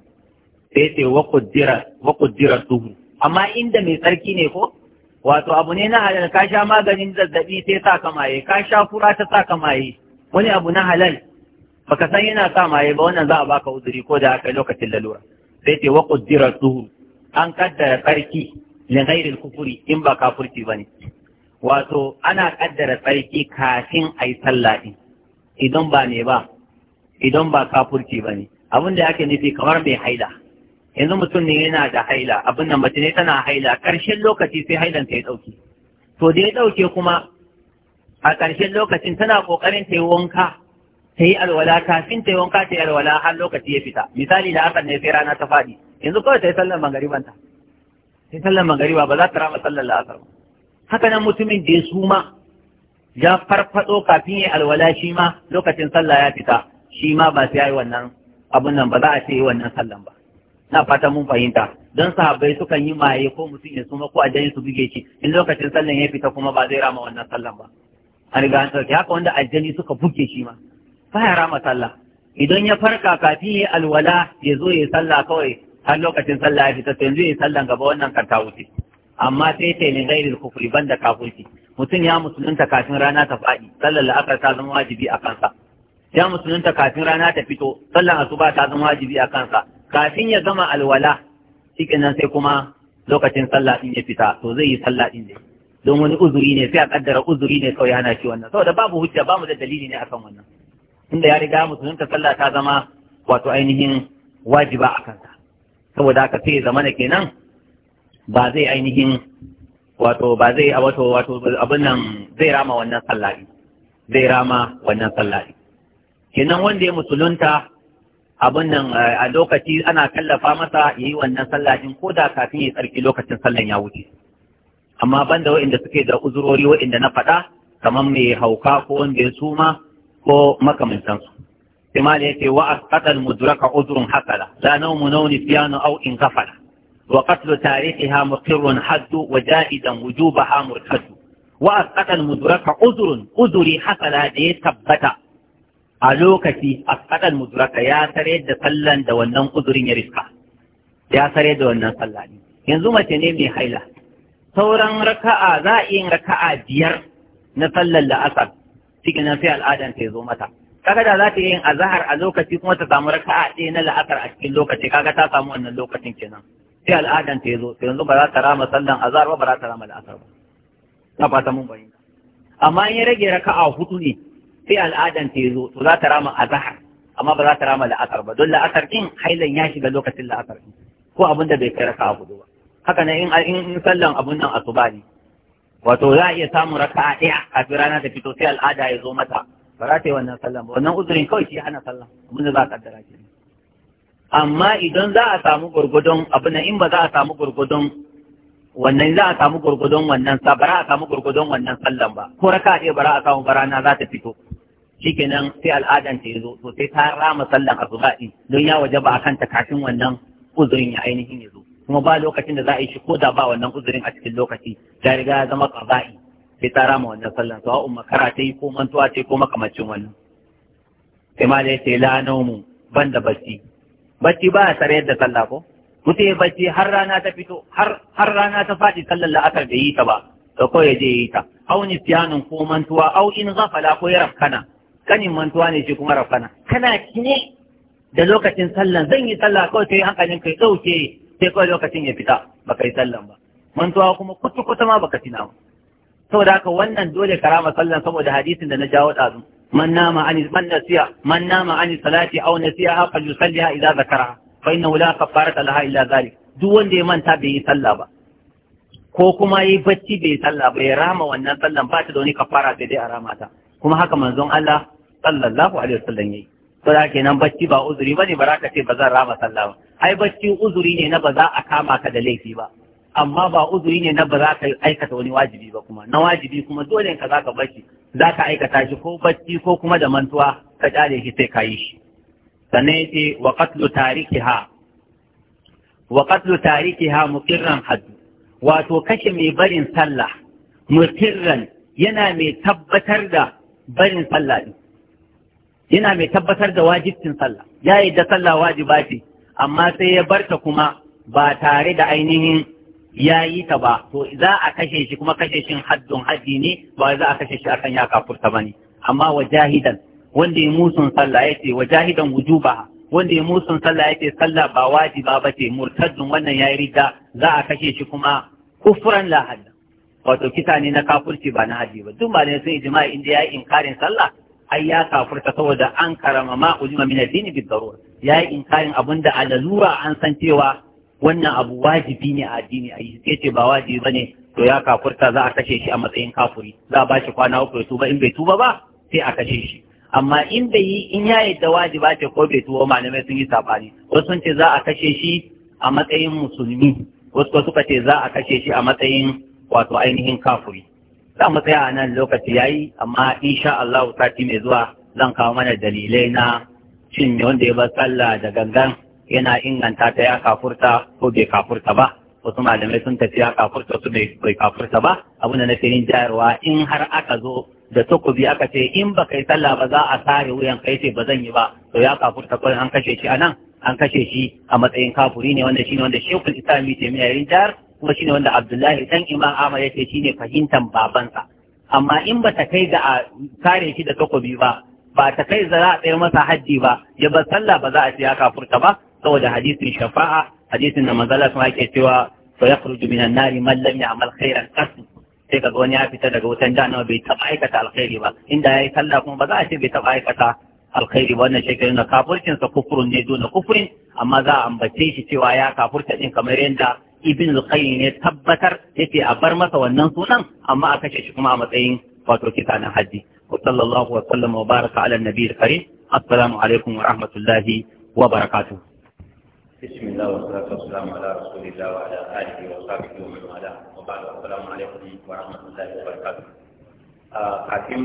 sai ce wa qaddira wa duhu amma inda mai tsarki ne ko wato abu ne na halal ka sha maganin zazzabi sai sa ka maye ka sha fura ta sa ka maye wani abu na halal baka san yana sa maye ba wannan za a baka uzuri ko da aka lokacin lalura sai ce wa qaddara suhu an kaddara tsarki li ghairi kufuri in ba kafurci bane wato ana kaddara tsarki kafin ayi sallah din idan ba ne ba idan ba kafurci bane abin da ake nufi kamar mai haila yanzu mutum ne yana da haila abin da mace ne tana haila ƙarshen lokaci sai hailan ta ya ɗauke to da ya ɗauke kuma a ƙarshen lokacin tana ƙoƙarin ta yi wanka ta yi alwala kafin ta yi wanka ta yi alwala har lokaci ya fita misali da hakan ne sai rana ta faɗi yanzu kawai ta yi sallar magariban ta sai sallar magariba ba za ta rama sallar la'asar ba haka nan mutumin da ya suma ya farfaɗo kafin ya alwala shi ma lokacin sallah ya fita shi ma ba sai ya yi wannan abun nan ba za a ce yi wannan sallan ba na fata mun fahimta don sahabbai sukan yi maye ko mutum ya suma ko ajiyar su buge shi in lokacin sallan ya fita kuma ba zai rama wannan sallan ba a riga an sauke haka wanda ajiyar suka buge shi ma ya rama sallah idan ya farka kafin ya alwala ya zo ya sallah kawai har lokacin sallah ya fita sai zai yi sallan gaba wannan karta wuce amma sai ta yi ne kufuri ban da kafirci mutum ya musulunta kafin rana ta faɗi sallar la'akar ta zama wajibi a kansa ya musulunta kafin rana ta fito sallar asuba ta zama wajibi a kansa kafin ya zama alwala nan sai kuma lokacin sallah din ya fita to zai yi sallah din ne don wani uzuri ne sai a kaddara uzuri ne kawai yana shi wannan saboda babu hujja ba mu da dalili ne akan wannan inda ya riga musulunta sallah ta zama wato ainihin wajiba a kansa saboda haka sai zamana kenan ba zai ainihin wato ba zai a wato wato abin nan zai rama wannan sallah zai rama wannan sallah kenan wanda ya musulunta abin nan eh, a lokaci ana tallafa masa ya yi wannan sallah din ko da kafin ya sarki lokacin sallan ya wuce amma ban da wa'inda suke da uzurori wa'inda na faɗa kamar mai hauka ko wanda suma ko makamantan su sai ma da yace wa asqatal mudraka uzrun hasala la nawmu nawni fiyanu aw in ghafala wa qatlu tarikiha muqirrun haddu wa ja'idan wujubaha murtadu wa asqatal mudraka uzrun uzuri hasala da ya tabbata a lokaci a kadan mudraka ya tare da sallan da wannan uzurin ya riska ya tare da wannan sallah ne yanzu mace ne mai haila sauran raka'a za a yin raka'a biyar na sallar da asar cikin nan sai al'adan ta zo mata kaga da za ta yi yin azahar a lokaci kuma ta samu raka'a ɗaya na la'asar a cikin lokaci kaga ta samu wannan lokacin kenan sai al'adan ta zo sai yanzu ba za ta rama sallan azhar ba ba za ta rama la'asar ba na fata mun bayyana amma in ya rage raka'a hudu ne sai al'adan ta to za ta rama azhar amma ba za ta rama la'asar ba don la'asar din hailan ya shiga lokacin la'asar din ko abin da bai kai raka hudu ba haka nan in sallan abun nan asuba wato za a iya samun raka'a ɗaya kafin rana ta fito sai al'ada ya zo mata ba ta yi wannan sallan ba wannan kawai shi sallan za a amma idan za a samu gurgudun ba za a samu wannan za a samu gurgudun wannan sa ba za a samu gurgudun wannan sallan ba ko raka ɗaya ba za a samu bara rana za ta fito shikenan sai al'adanta ta zo to sai ta rama sallan asuba din don ya wajaba a kanta kafin wannan uzurin ya ainihin ya zo kuma ba lokacin da za a yi shi ko da ba wannan uzurin a cikin lokaci ta riga ya zama qaba'i sai ta rama wannan sallan to umma kara ta yi ko mantuwa ce ko makamacin wannan sai ma dai sai bacci bacci ba ya tare da sallah ko mutum ya bacci har rana ta fito har rana ta faɗi sallar la'akar da yi ta ba da kawai ya je yi ta au nisyanun ko mantuwa au in ghafala ko ya rafkana kanin mantuwa ne shi kuma rafana kana kine da lokacin sallan zan yi sallah kawai yi hankalin kai dauke sai kawai lokacin ya fita baka yi sallan ba mantuwa kuma kutu kutu ma baka tina ba saboda haka wannan dole karama sallan saboda hadisin da na jawo dazu man nama an man nasiya man nama an salati aw nasiya fa yusalliha idza zakara fa innahu la kafarata laha illa zalik duk wanda ya manta bai yi sallah ba ko kuma yi bacci bai sallah ya rama wannan sallan ba ta da wani kafara sai dai a rama ta kuma haka manzon Allah sallallahu alaihi wasallam yayi to da kenan bacci ba uzuri bane ba ka ce ba zan rama sallah ba ai bacci uzuri ne na ba za a kama ka da laifi ba amma ba uzuri ne na ba za ka aikata wani wajibi ba kuma na wajibi kuma dole ka za ka bacci za aikata shi ko bacci ko kuma da mantuwa ka da shi sai ka yi shi sannan yace wa qatlu tarikiha wa qatlu tarikiha muqirran hadd wato kashe mai barin sallah muqirran yana mai tabbatar da barin sallah din yana mai tabbatar da wajibcin sallah ya yi yadda sallah wajiba ce amma sai ya barta kuma ba tare da ainihin ya yi ta ba to za a kashe shi kuma kashe shi haddun haddi ne ba za a kashe shi akan ya kafurta bane amma wajahidan wanda ya musun sallah ya yace wajahidan wujuba wanda ya musun sallah ya ce, sallah ba wajiba ba ce murtaddun wannan yayi rida za a kashe shi kuma kufuran la wato kisa ne na kafurci ba na haddi ba duk ne sun ijma'i inda ya yayi inkarin sallah ai ya kafurta saboda an karama ma ujima min addini bi darura yayi inkarin abinda a lalura an san cewa wannan abu wajibi ne a addini ai sai ce ba wajibi bane to ya kafurta za a kashe shi a matsayin kafuri za a bashi kwana uku ya tuba in bai tuba ba sai a kashe shi amma in bai yi in ya yadda wajiba ce ko bai tuba malamai sun yi sabani wasu sun ce za a kashe shi a matsayin musulmi wasu suka ce za a kashe shi a matsayin wato ainihin kafuri za mu tsaya a nan lokaci ya yi amma insha Allah sati mai zuwa zan kawo mana dalilai na cin wanda ya bar sallah da gangan yana inganta ta ya kafurta ko bai kafurta ba wasu malamai sun tafi ya kafurta su bai kafurta ba abin da fi yin jayarwa in har aka zo da takobi aka ce in ba kai sallah ba za a sare wuyan kai ce ba zan yi ba to ya kafurta kawai an kashe shi a nan an kashe shi a matsayin kafuri ne wanda shi ne wanda shekul islami ce mai yayin jayar kuma shine wanda Abdullahi dan Imam Ahmad shi shine fahimtan babansa amma in ba ta kai da a kare shi da takobi ba ba ta kai za a tsayar masa hajji ba ya bar sallah ba za a ya kafurta ba saboda hadisin shafa'a hadisin da manzala sun ke cewa fa yakhruju minan nari man lam ya'mal khairan qasd sai kaga wani ya fita daga wutan jahannama bai taba aikata alkhairi ba inda yi sallah kuma ba za a ce bai taba aikata alkhairi ba wannan shekarun da kafurcinsa kufurin kufurun ne dole kufurin amma za a ambace shi cewa ya kafurta din kamar yadda ibn al-qayyim ne tabbatar yace a bar masa wannan sunan amma a kashe shi kuma a matsayin wato kisa na haji wa sallallahu wa sallama wa baraka ala nabi karim assalamu alaikum wa rahmatullahi wa barakatuh بسم الله والصلاة والسلام على رسول الله وعلى آله وصحبه ومن والاه وبعد السلام عليكم ورحمة الله وبركاته kafin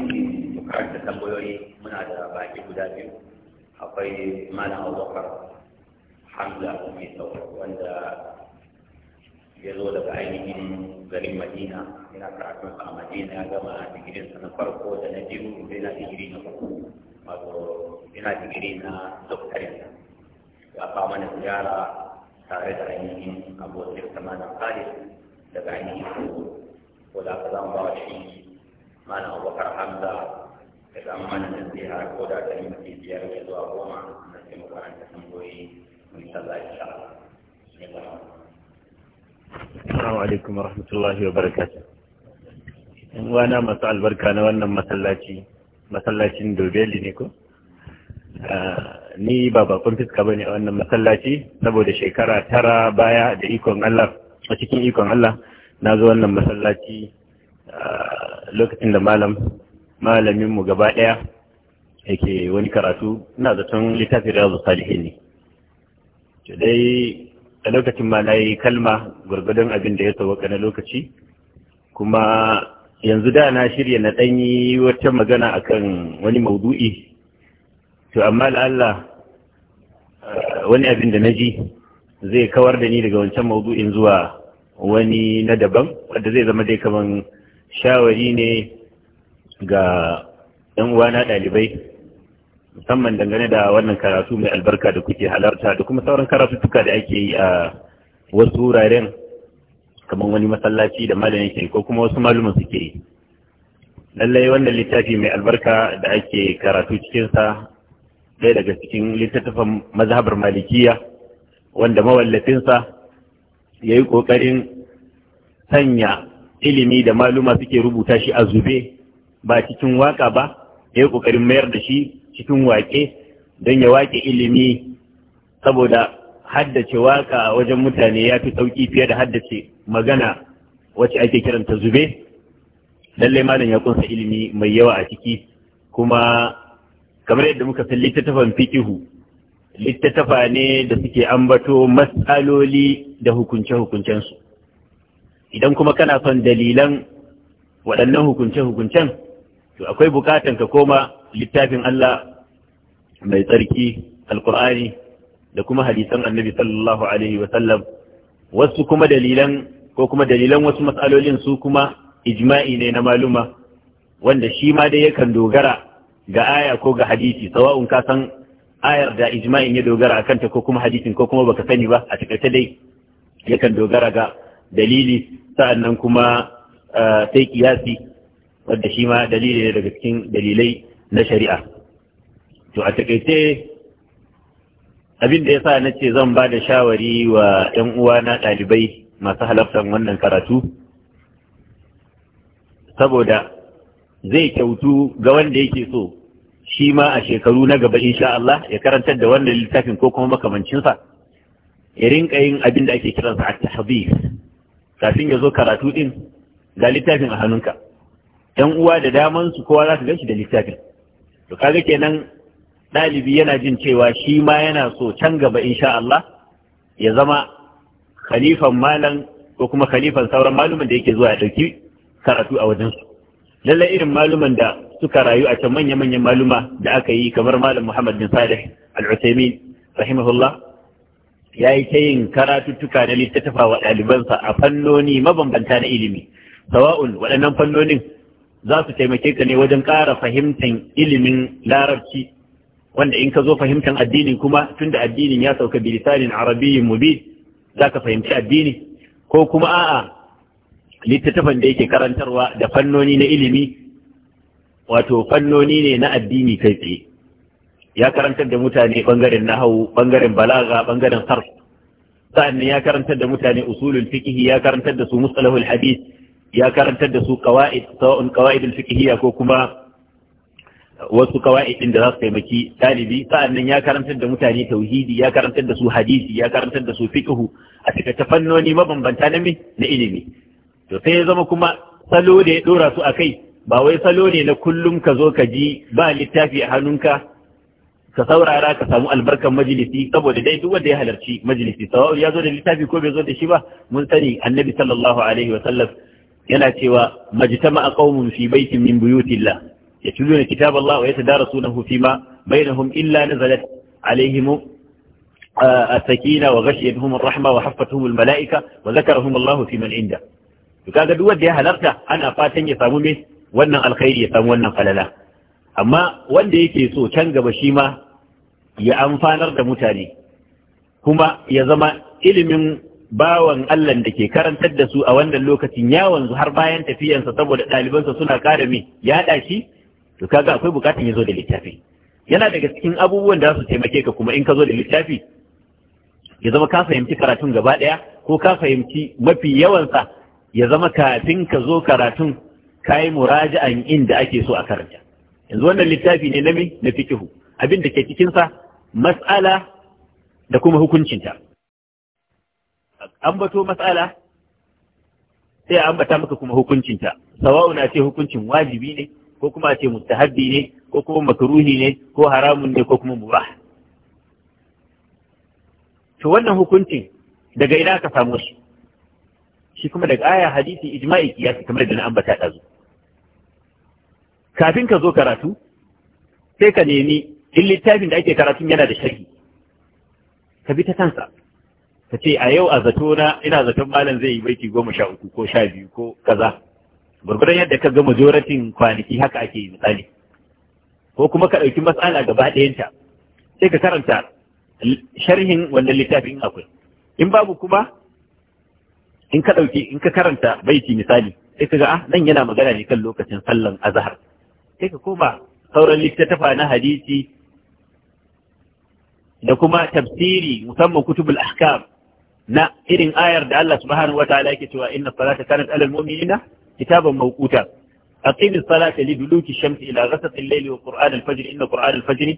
mu karanta tambayoyi muna da baki guda biyu akwai malam abubakar hamza mai sauka wanda ya zo daga ainihin garin madina yana karatun sa a madina ya gama digirin sa na farko da na biyu da yana digiri na farko wato yana digiri na doktorin ya fa mana ziyara tare da ainihin abokin samana khalid daga ainihin kogo ko da aka zama ba shi mana abubakar hamza da zama mana ziyara ko da ta yi mafi biyar zuwa goma na taimakon an ta tambayoyi mun sallah insha Allah. Assalamu alaikum wa rahmatullahi wa barakatuh. In wana masu albarka na wannan masallaci, masallacin Dobeli ne ko? Ah, ni ba bakon fiska bane a wannan masallaci saboda shekara tara baya da ikon Allah, a cikin ikon Allah na zo wannan masallaci ah, lokacin da malam malamin mu gaba ɗaya yake wani karatu ina zaton littafin Riyadu Salihin ne. Dai a lokacin ma na yi kalma gwargwadon abin da ya sauwaka na lokaci kuma yanzu da na shirya na ɗanyi wata magana akan wani maudu'i to amma Allah eh, wani abin da na ji zai kawar da ni daga wancan maudu'in zuwa wani na daban wanda zai zama dai kamar shawari ne ga 'yan uwana ɗalibai musamman dangane da wannan karatu mai albarka da kuke halarta da kuma sauran karatuttuka da ake yi a wasu wuraren kamar wani masallaci da malamin ke ko kuma wasu malumin suke yi lallai wannan littafi mai albarka da ake karatu cikinsa ɗaya daga cikin littattafan mazhabar malikiya wanda mawallafinsa ya yi ƙoƙarin sanya ilimi da maluma suke rubuta shi a zube ba cikin waka ba ya yi ƙoƙarin mayar da shi cikin waƙe don ya waƙe ilimi saboda haddace waƙa a wajen mutane ya fi sauƙi fiye da haddace magana wacce ake kiranta zube lallai malam ya kunsa ilimi mai yawa a ciki kuma kamar yadda muka san littattafan fikihu littattafa ne da suke ambato matsaloli da hukunce-hukuncensu idan kuma kana son dalilan waɗannan hukunce-hukuncen to akwai bukatan ka koma littafin Allah mai tsarki alkur'ani da kuma hadisan annabi sallallahu alaihi wasallam wasu kuma dalilan ko kuma dalilan wasu matsalolin su kuma ijma'i ne na maluma wanda shi ma dai yakan dogara ga aya ko ga hadisi sawa'un ka san ayar da ijma'in ya dogara a kanta ko kuma hadisin ko kuma baka sani ba a takaice dai yakan dogara ga dalili sa'annan kuma eh, sai kiyasi wanda shi ma dalili ne daga cikin dalilai na shari'a to a takaice abin da ya sa na ce zan ba da shawari wa 'yan uwa na ɗalibai masu halartar wannan karatu saboda zai kyautu ga wanda yake so shi ma a shekaru na gaba insha Allah ya karantar da wannan littafin ko kuma makamancinsa ya rinka yin abin da ake kiransa a tahbir kafin ya zo karatu din ga littafin a hannunka yan uwa da daman su kowa za su gan shi da littafin to kaga kenan ɗalibi yana jin cewa shi ma yana so can gaba insha Allah ya zama khalifan malam ko kuma khalifan sauran malumin da yake zuwa ya ɗauki karatu a wajensu lallai irin maluman da suka rayu a can manya-manyan maluma da aka yi kamar malam Muhammad bin Salih al uthaymeen rahimahullah ya yi ta yin karatuttuka na littattafa wa ɗalibansa a fannoni mabambanta na ilimi sawa'un waɗannan fannonin za su taimake ka ne wajen ƙara fahimtar ilimin larabci wanda in ka zo fahimtar addini kuma tunda addinin ya sauka bilisanin arabiyyin mubin za ka fahimci addini ko kuma a'a littattafan da yake karantarwa da fannoni na ilimi wato fannoni ne na addini kai tsaye ya karantar da mutane bangaren nahawu bangaren balaga bangaren sarf sa'annan ya karantar da mutane usulul fiqh ya karantar da su musalahul hadith ya karantar da su kawai, sawa'un kawai al ko kuma wasu kawai din da za su taimaki Sa'an nan ya karantar da mutane tauhidi ya karantar da su hadisi ya karantar da su fiqhu a cikin tafannoni mabambanta na me na ilimi to sai ya zama kuma salo da ya ɗora su a kai, ba wai salo ne na kullum ka zo ka ji ba littafi a hannunka ka saurara ka samu albarkar majalisi saboda dai duk wanda ya halarci majalisi sawa'u ya zo da littafi ko bai zo da shi ba mun sani annabi sallallahu alaihi wa sallam yana cewa majtama qaumun fi baitin min buyutillah yatluna kitaballahi wa yatadarasunahu fima bainahum illa nazalat alaihim السكينة وغشيتهم الرحمة وحفتهم الملائكة وذكرهم الله في inda عنده kaga duk wanda ya halarta ana fatan ya samu me wannan alkhairi ya samu wannan falala amma wanda yake so can gaba shi ma ya amfanar da mutane kuma ya zama ilimin bawan Allah da ke karantar da su a wannan lokacin ya wanzu har bayan tafiyansa saboda ɗalibansa suna ƙara mai yaɗa shi to kaga akwai bukatan ya zo da littafi yana daga cikin abubuwan da za su taimake ka kuma in ka zo da littafi ya zama ka fahimci karatun gaba ɗaya ko ka fahimci mafi yawansa ya zama kafin ka zo karatun ka yi muraja'an inda ake so a karanta yanzu wannan littafi ne na me na fikihu abin da ke cikinsa mas'ala da kuma hukuncinta ambato matsala sai a ambata maka kuma hukuncinta sawa'u na ce hukuncin wajibi ne ko kuma ce mustahabbi ne ko kuma makruhi ne ko haramun ne ko kuma mubah to wannan hukuncin daga ina ka samu shi shi kuma daga aya hadisi ijma'i kiyasi kamar da na ambata ɗazu kafin ka zo karatu sai ka nemi in littafin da ake karatun yana da sharhi ka bi ta kansa ka ce a yau a zato na ina zaton malam zai yi baiti goma sha uku ko sha biyu ko kaza gurgurar yadda ka ga majoratin kwanaki haka ake yi misali ko kuma ka ɗauki matsala gaba ɗayanta sai ka karanta sharhin wannan littafin akwai in babu kuma in ka ɗauki in ka karanta baiti misali sai ka ga ah nan yana magana ne kan lokacin sallan azahar. sai ka koma sauran littattafa na hadisi da kuma tafsiri musamman kutubul ahkam na irin ayar da Allah subhanahu wataala yake cewa inna salata kanat alal mu'minina kitaban mawquta aqimis salata li duluki shamsi ila ghasaqi al-layli wa qur'an al-fajr inna qur'an al-fajr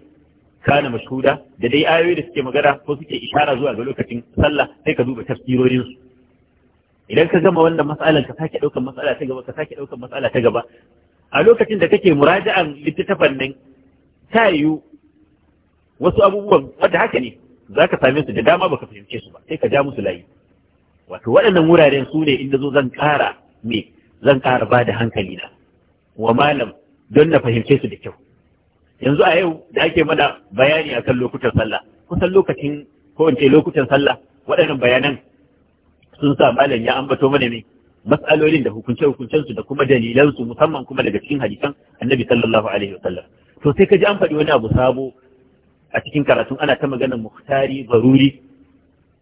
kana mashhuda da dai ayoyi da suke magana ko suke ishara zuwa ga lokacin sallah sai ka duba tafsirorin su idan ka gama wannan mas'alar ka sake daukan mas'ala ta gaba ka sake daukan mas'ala ta gaba a lokacin da kake muraja'an littattafan nan ta yiwu wasu abubuwan wanda haka ne za ka same su da dama baka fahimce su ba sai ka ja musu layi wato waɗannan wuraren su ne inda zo zan ƙara me zan ƙara ba da hankali na wa malam don na fahimce su da kyau yanzu a yau da ake mana bayani akan lokutan sallah kusan lokacin ko lokutan sallah waɗannan bayanan sun sa malam ya ambato mana ne matsalolin da hukunce hukuncen su da kuma dalilan su musamman kuma daga cikin hadisan annabi sallallahu alaihi wasallam to sai ka ji an faɗi wani abu sabo a cikin karatun ana ta maganar muhtari zaruri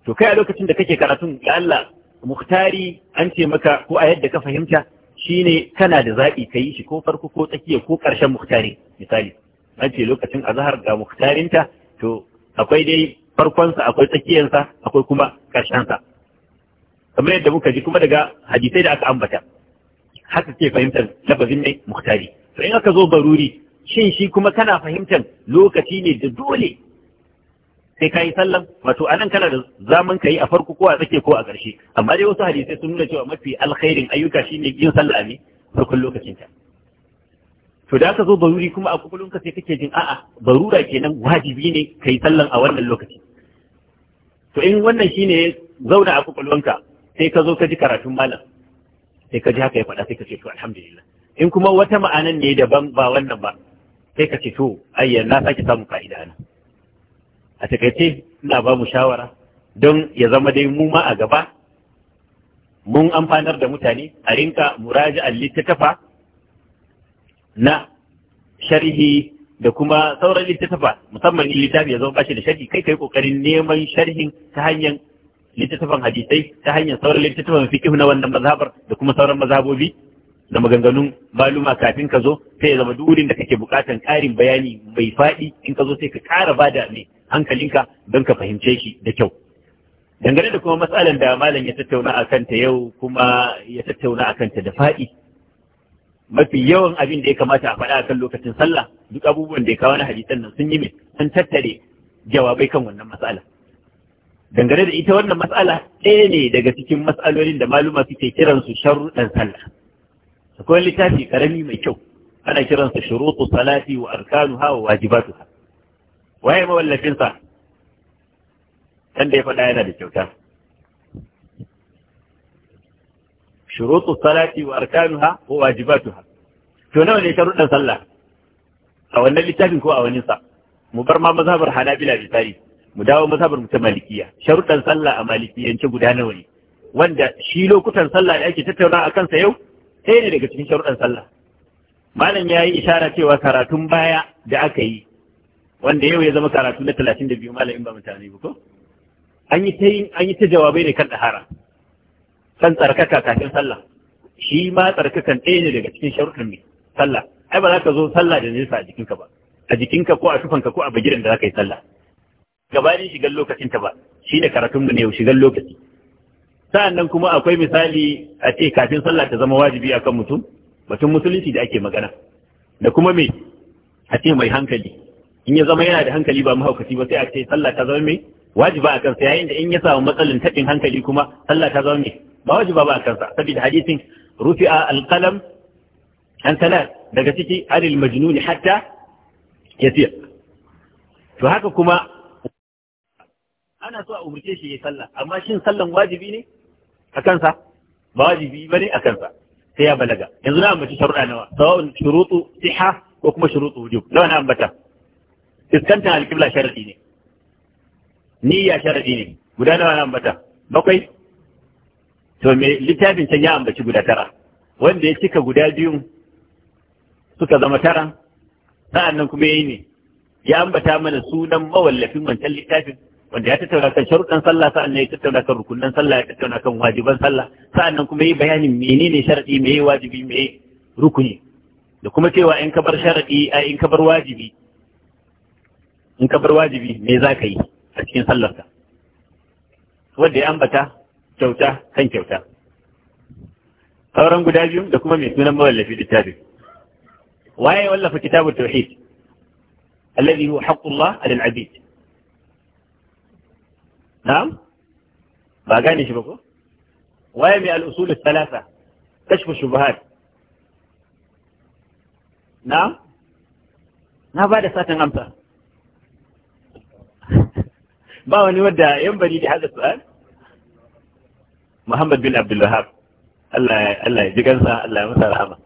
to kai a lokacin da kake karatun ga Allah muhtari an ce maka ko a yadda ka fahimta shine kana da zaɓi ka yi shi ko farko ko tsakiya ko ƙarshen muhtari misali an ce lokacin azhar ga muhtarinta to akwai dai farkonsa akwai tsakiyansa akwai kuma ƙarshensa kamar yadda muka ji kuma daga hadisai da aka ambata haka ke fahimtar lafazin ne muhtari to in aka zo baruri shin shi kuma kana fahimtar lokaci ne da dole sai ka yi sallan wato anan kana da zaman ka yi a farko ko a tsake ko a ƙarshe amma dai wasu hadisai sun nuna cewa mafi alkhairin ayyuka shine yin sallah ne farkon lokacin ta to da aka zo baruri kuma a kokolon ka sai kake jin a'a barura kenan wajibi ne kai sallan a wannan lokaci to in wannan shine zauna a ka sai ka zo ka ji karatun malam sai ka ji haka ya faɗa sai ka ce to alhamdulillah in kuma wata ma'anan ne daban ba wannan ba sai ka ce to na sake samun kaida na. a takaice ina ba mu shawara don ya zama dai mu ma a gaba mun amfanar da mutane a rinka muraji'an littattafa na sharhi da kuma sauran littattafa musamman in littafi ya zama bashi da sharhi kai kai kokarin neman sharhin ta hanyar littattafan hadisai ta hanyar sauran littattafan fiqh na wannan mazhabar da kuma sauran mazhabobi da maganganun maluma kafin ka zo sai ya zama duk da kake bukatan karin bayani mai faɗi in ka zo sai ka ƙara bada mai hankalinka don ka fahimce shi da kyau dangane da kuma matsalar da malam ya tattauna a kanta yau kuma ya tattauna a kanta da faɗi mafi yawan abin da ya kamata a faɗa kan lokacin sallah duk abubuwan da ya kawo na hadisan nan sun yi mai sun tattare jawabai kan wannan matsala dangane da ita wannan matsala ɗaya ne daga cikin matsalolin da maluma suke kiransu sharuɗan sallah akwai littafi karami mai kyau ana kiransa shurutu salati wa arkanuha wa wajibatuha waye mawallafin sa dan da ya faɗa yana da kyauta shurutu salati wa arkanuha wa wajibatuha to nawa ne sharuɗan sallah a wannan littafin ko a wani sa mu bar ma mazhabar hanabila misali mu dawo mazhabar ta malikiya sharuɗan sallah a malikiyance guda nawa ne wanda shi lokutan sallah da ake tattauna a kansa yau ɗaya ne daga cikin sharuɗan sallah malam ya yi ishara cewa karatun baya da aka yi wanda yau ya zama karatu na talatin da biyu malamin ba mutane ba ko an yi ta an yi ta jawabai ne kan ɗahara kan tsarkaka kafin sallah shi ma tsarkakan ɗaya ne daga cikin sharuɗin mai sallah ai ba za ka zo sallah da nesa a jikinka ba a jikinka ko a tufanka ko a bigiran da za ka yi sallah gabanin shigar lokacin ta ba shi ne karatun mu ne yau shigar lokaci sa'annan kuma akwai misali a ce kafin sallah ta zama wajibi akan mutum batun musulunci da ake magana da kuma me a ce mai hankali in ya zama yana da hankali ba mahaukaci ba sai a ce sallah ta zama mai wajiba a kansa yayin da in ya samu matsalin taɓin hankali kuma sallah ta zama mai ba wajiba ba a kansa saboda hadisin rufi'a alqalam an talat daga ciki alil majnun hatta siya. to haka kuma ana so a umurce shi ya yi sallah amma shin sallan wajibi ne a kansa ba wajibi bane a kansa sai ya balaga yanzu na ambaci sharuɗa nawa sawa'un shurutu siha ko kuma shurutu wujub nawa na ambata iskantan alƙibla sharaɗi ne niyya sharaɗi ne guda nawa na ambata bakwai to me littafin can ya ambaci guda tara wanda ya cika guda biyun suka zama tara sa'an nan kuma ya yi ne ya ambata mana sunan mawallafin wancan littafin wanda ya tattauna kan sharuɗan sallah sa'an nan ya tattauna kan rukunan sallah ya tattauna kan wajiban sallah sa'an nan kuma yi bayanin menene sharaɗi me wajibi me rukuni da kuma cewa in ka bar sharaɗi a in ka bar wajibi in ka bar wajibi me za ka yi a cikin sallarka wanda ya ambata kyauta kan kyauta sauran guda biyu da kuma mai sunan mawallafi littafin waye wallafa kitabut tauhid alladhi huwa haqqullah alal abid نعم ما قال يشبكه ويمي الأصول الثلاثة كشف الشبهات نعم na ba da satan amsa ba wani wadda yan bari da hada su'al Muhammad bin Abdul Wahab Allah ya ji gansa Allah ya masa rahama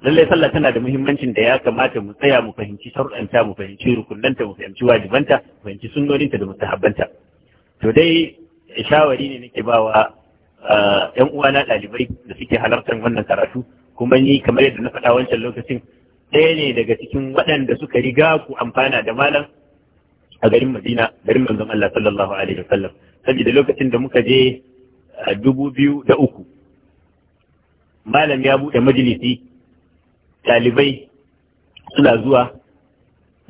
lalle sallah tana da muhimmancin da ya kamata mu tsaya mu fahimci sharuɗanta mu fahimci rukunanta mu fahimci wajibanta mu fahimci sunnoninta da mustahabbanta to dai shawari ne nake bawa yan uwana ɗalibai da suke halartar wannan karatu kuma ni kamar yadda na faɗa wancan lokacin ɗaya ne daga cikin waɗanda suka riga ku amfana da malam a garin Madina garin manzon Allah sallallahu alaihi wasallam saboda lokacin da muka je dubu biyu da uku malam ya buɗe majalisi ɗalibai suna zuwa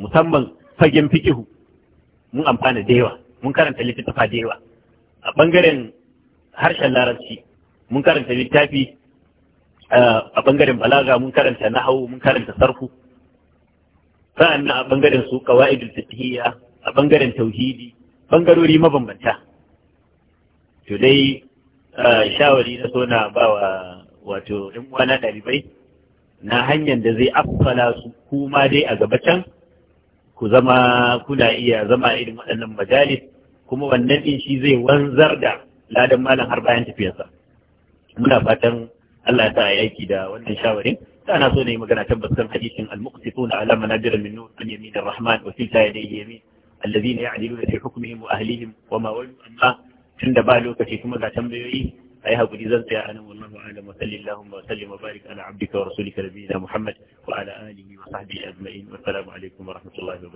musamman fagen fikihu mun amfana da yawa mun karanta littafa da yawa a bangaren harshen larabci mun karanta littafi a bangaren balaga mun karanta nahawu mun karanta sarfu sa'annan a bangaren su qawaidul fiqhiyya a bangaren tauhidi bangarori mabambanta to dai shawari na so na ba wato ɗan uwana ɗalibai na hanyar da zai affala su kuma dai a gaba can ku zama kuna iya zama irin waɗannan majalis kuma wannan din shi zai wanzar da ladan malam har bayan tafiyarsa muna fatan Allah ya sa aiki da wannan shawarin ana so ne magana tabbas kan hadisin al-muqsituna ala manabir min nur an yamin ar-rahman wa tilka yadayhi yamin alladhina ya'diluna fi hukmihim wa ahlihim wa ma walu amma tunda ba lokaci kuma ga tambayoyi أيها قدي زلت يا أنا والله أعلم وسل اللهم وسلم وبارك على عبدك ورسولك نبينا محمد وعلى آله وصحبه أجمعين والسلام عليكم ورحمة الله وبركاته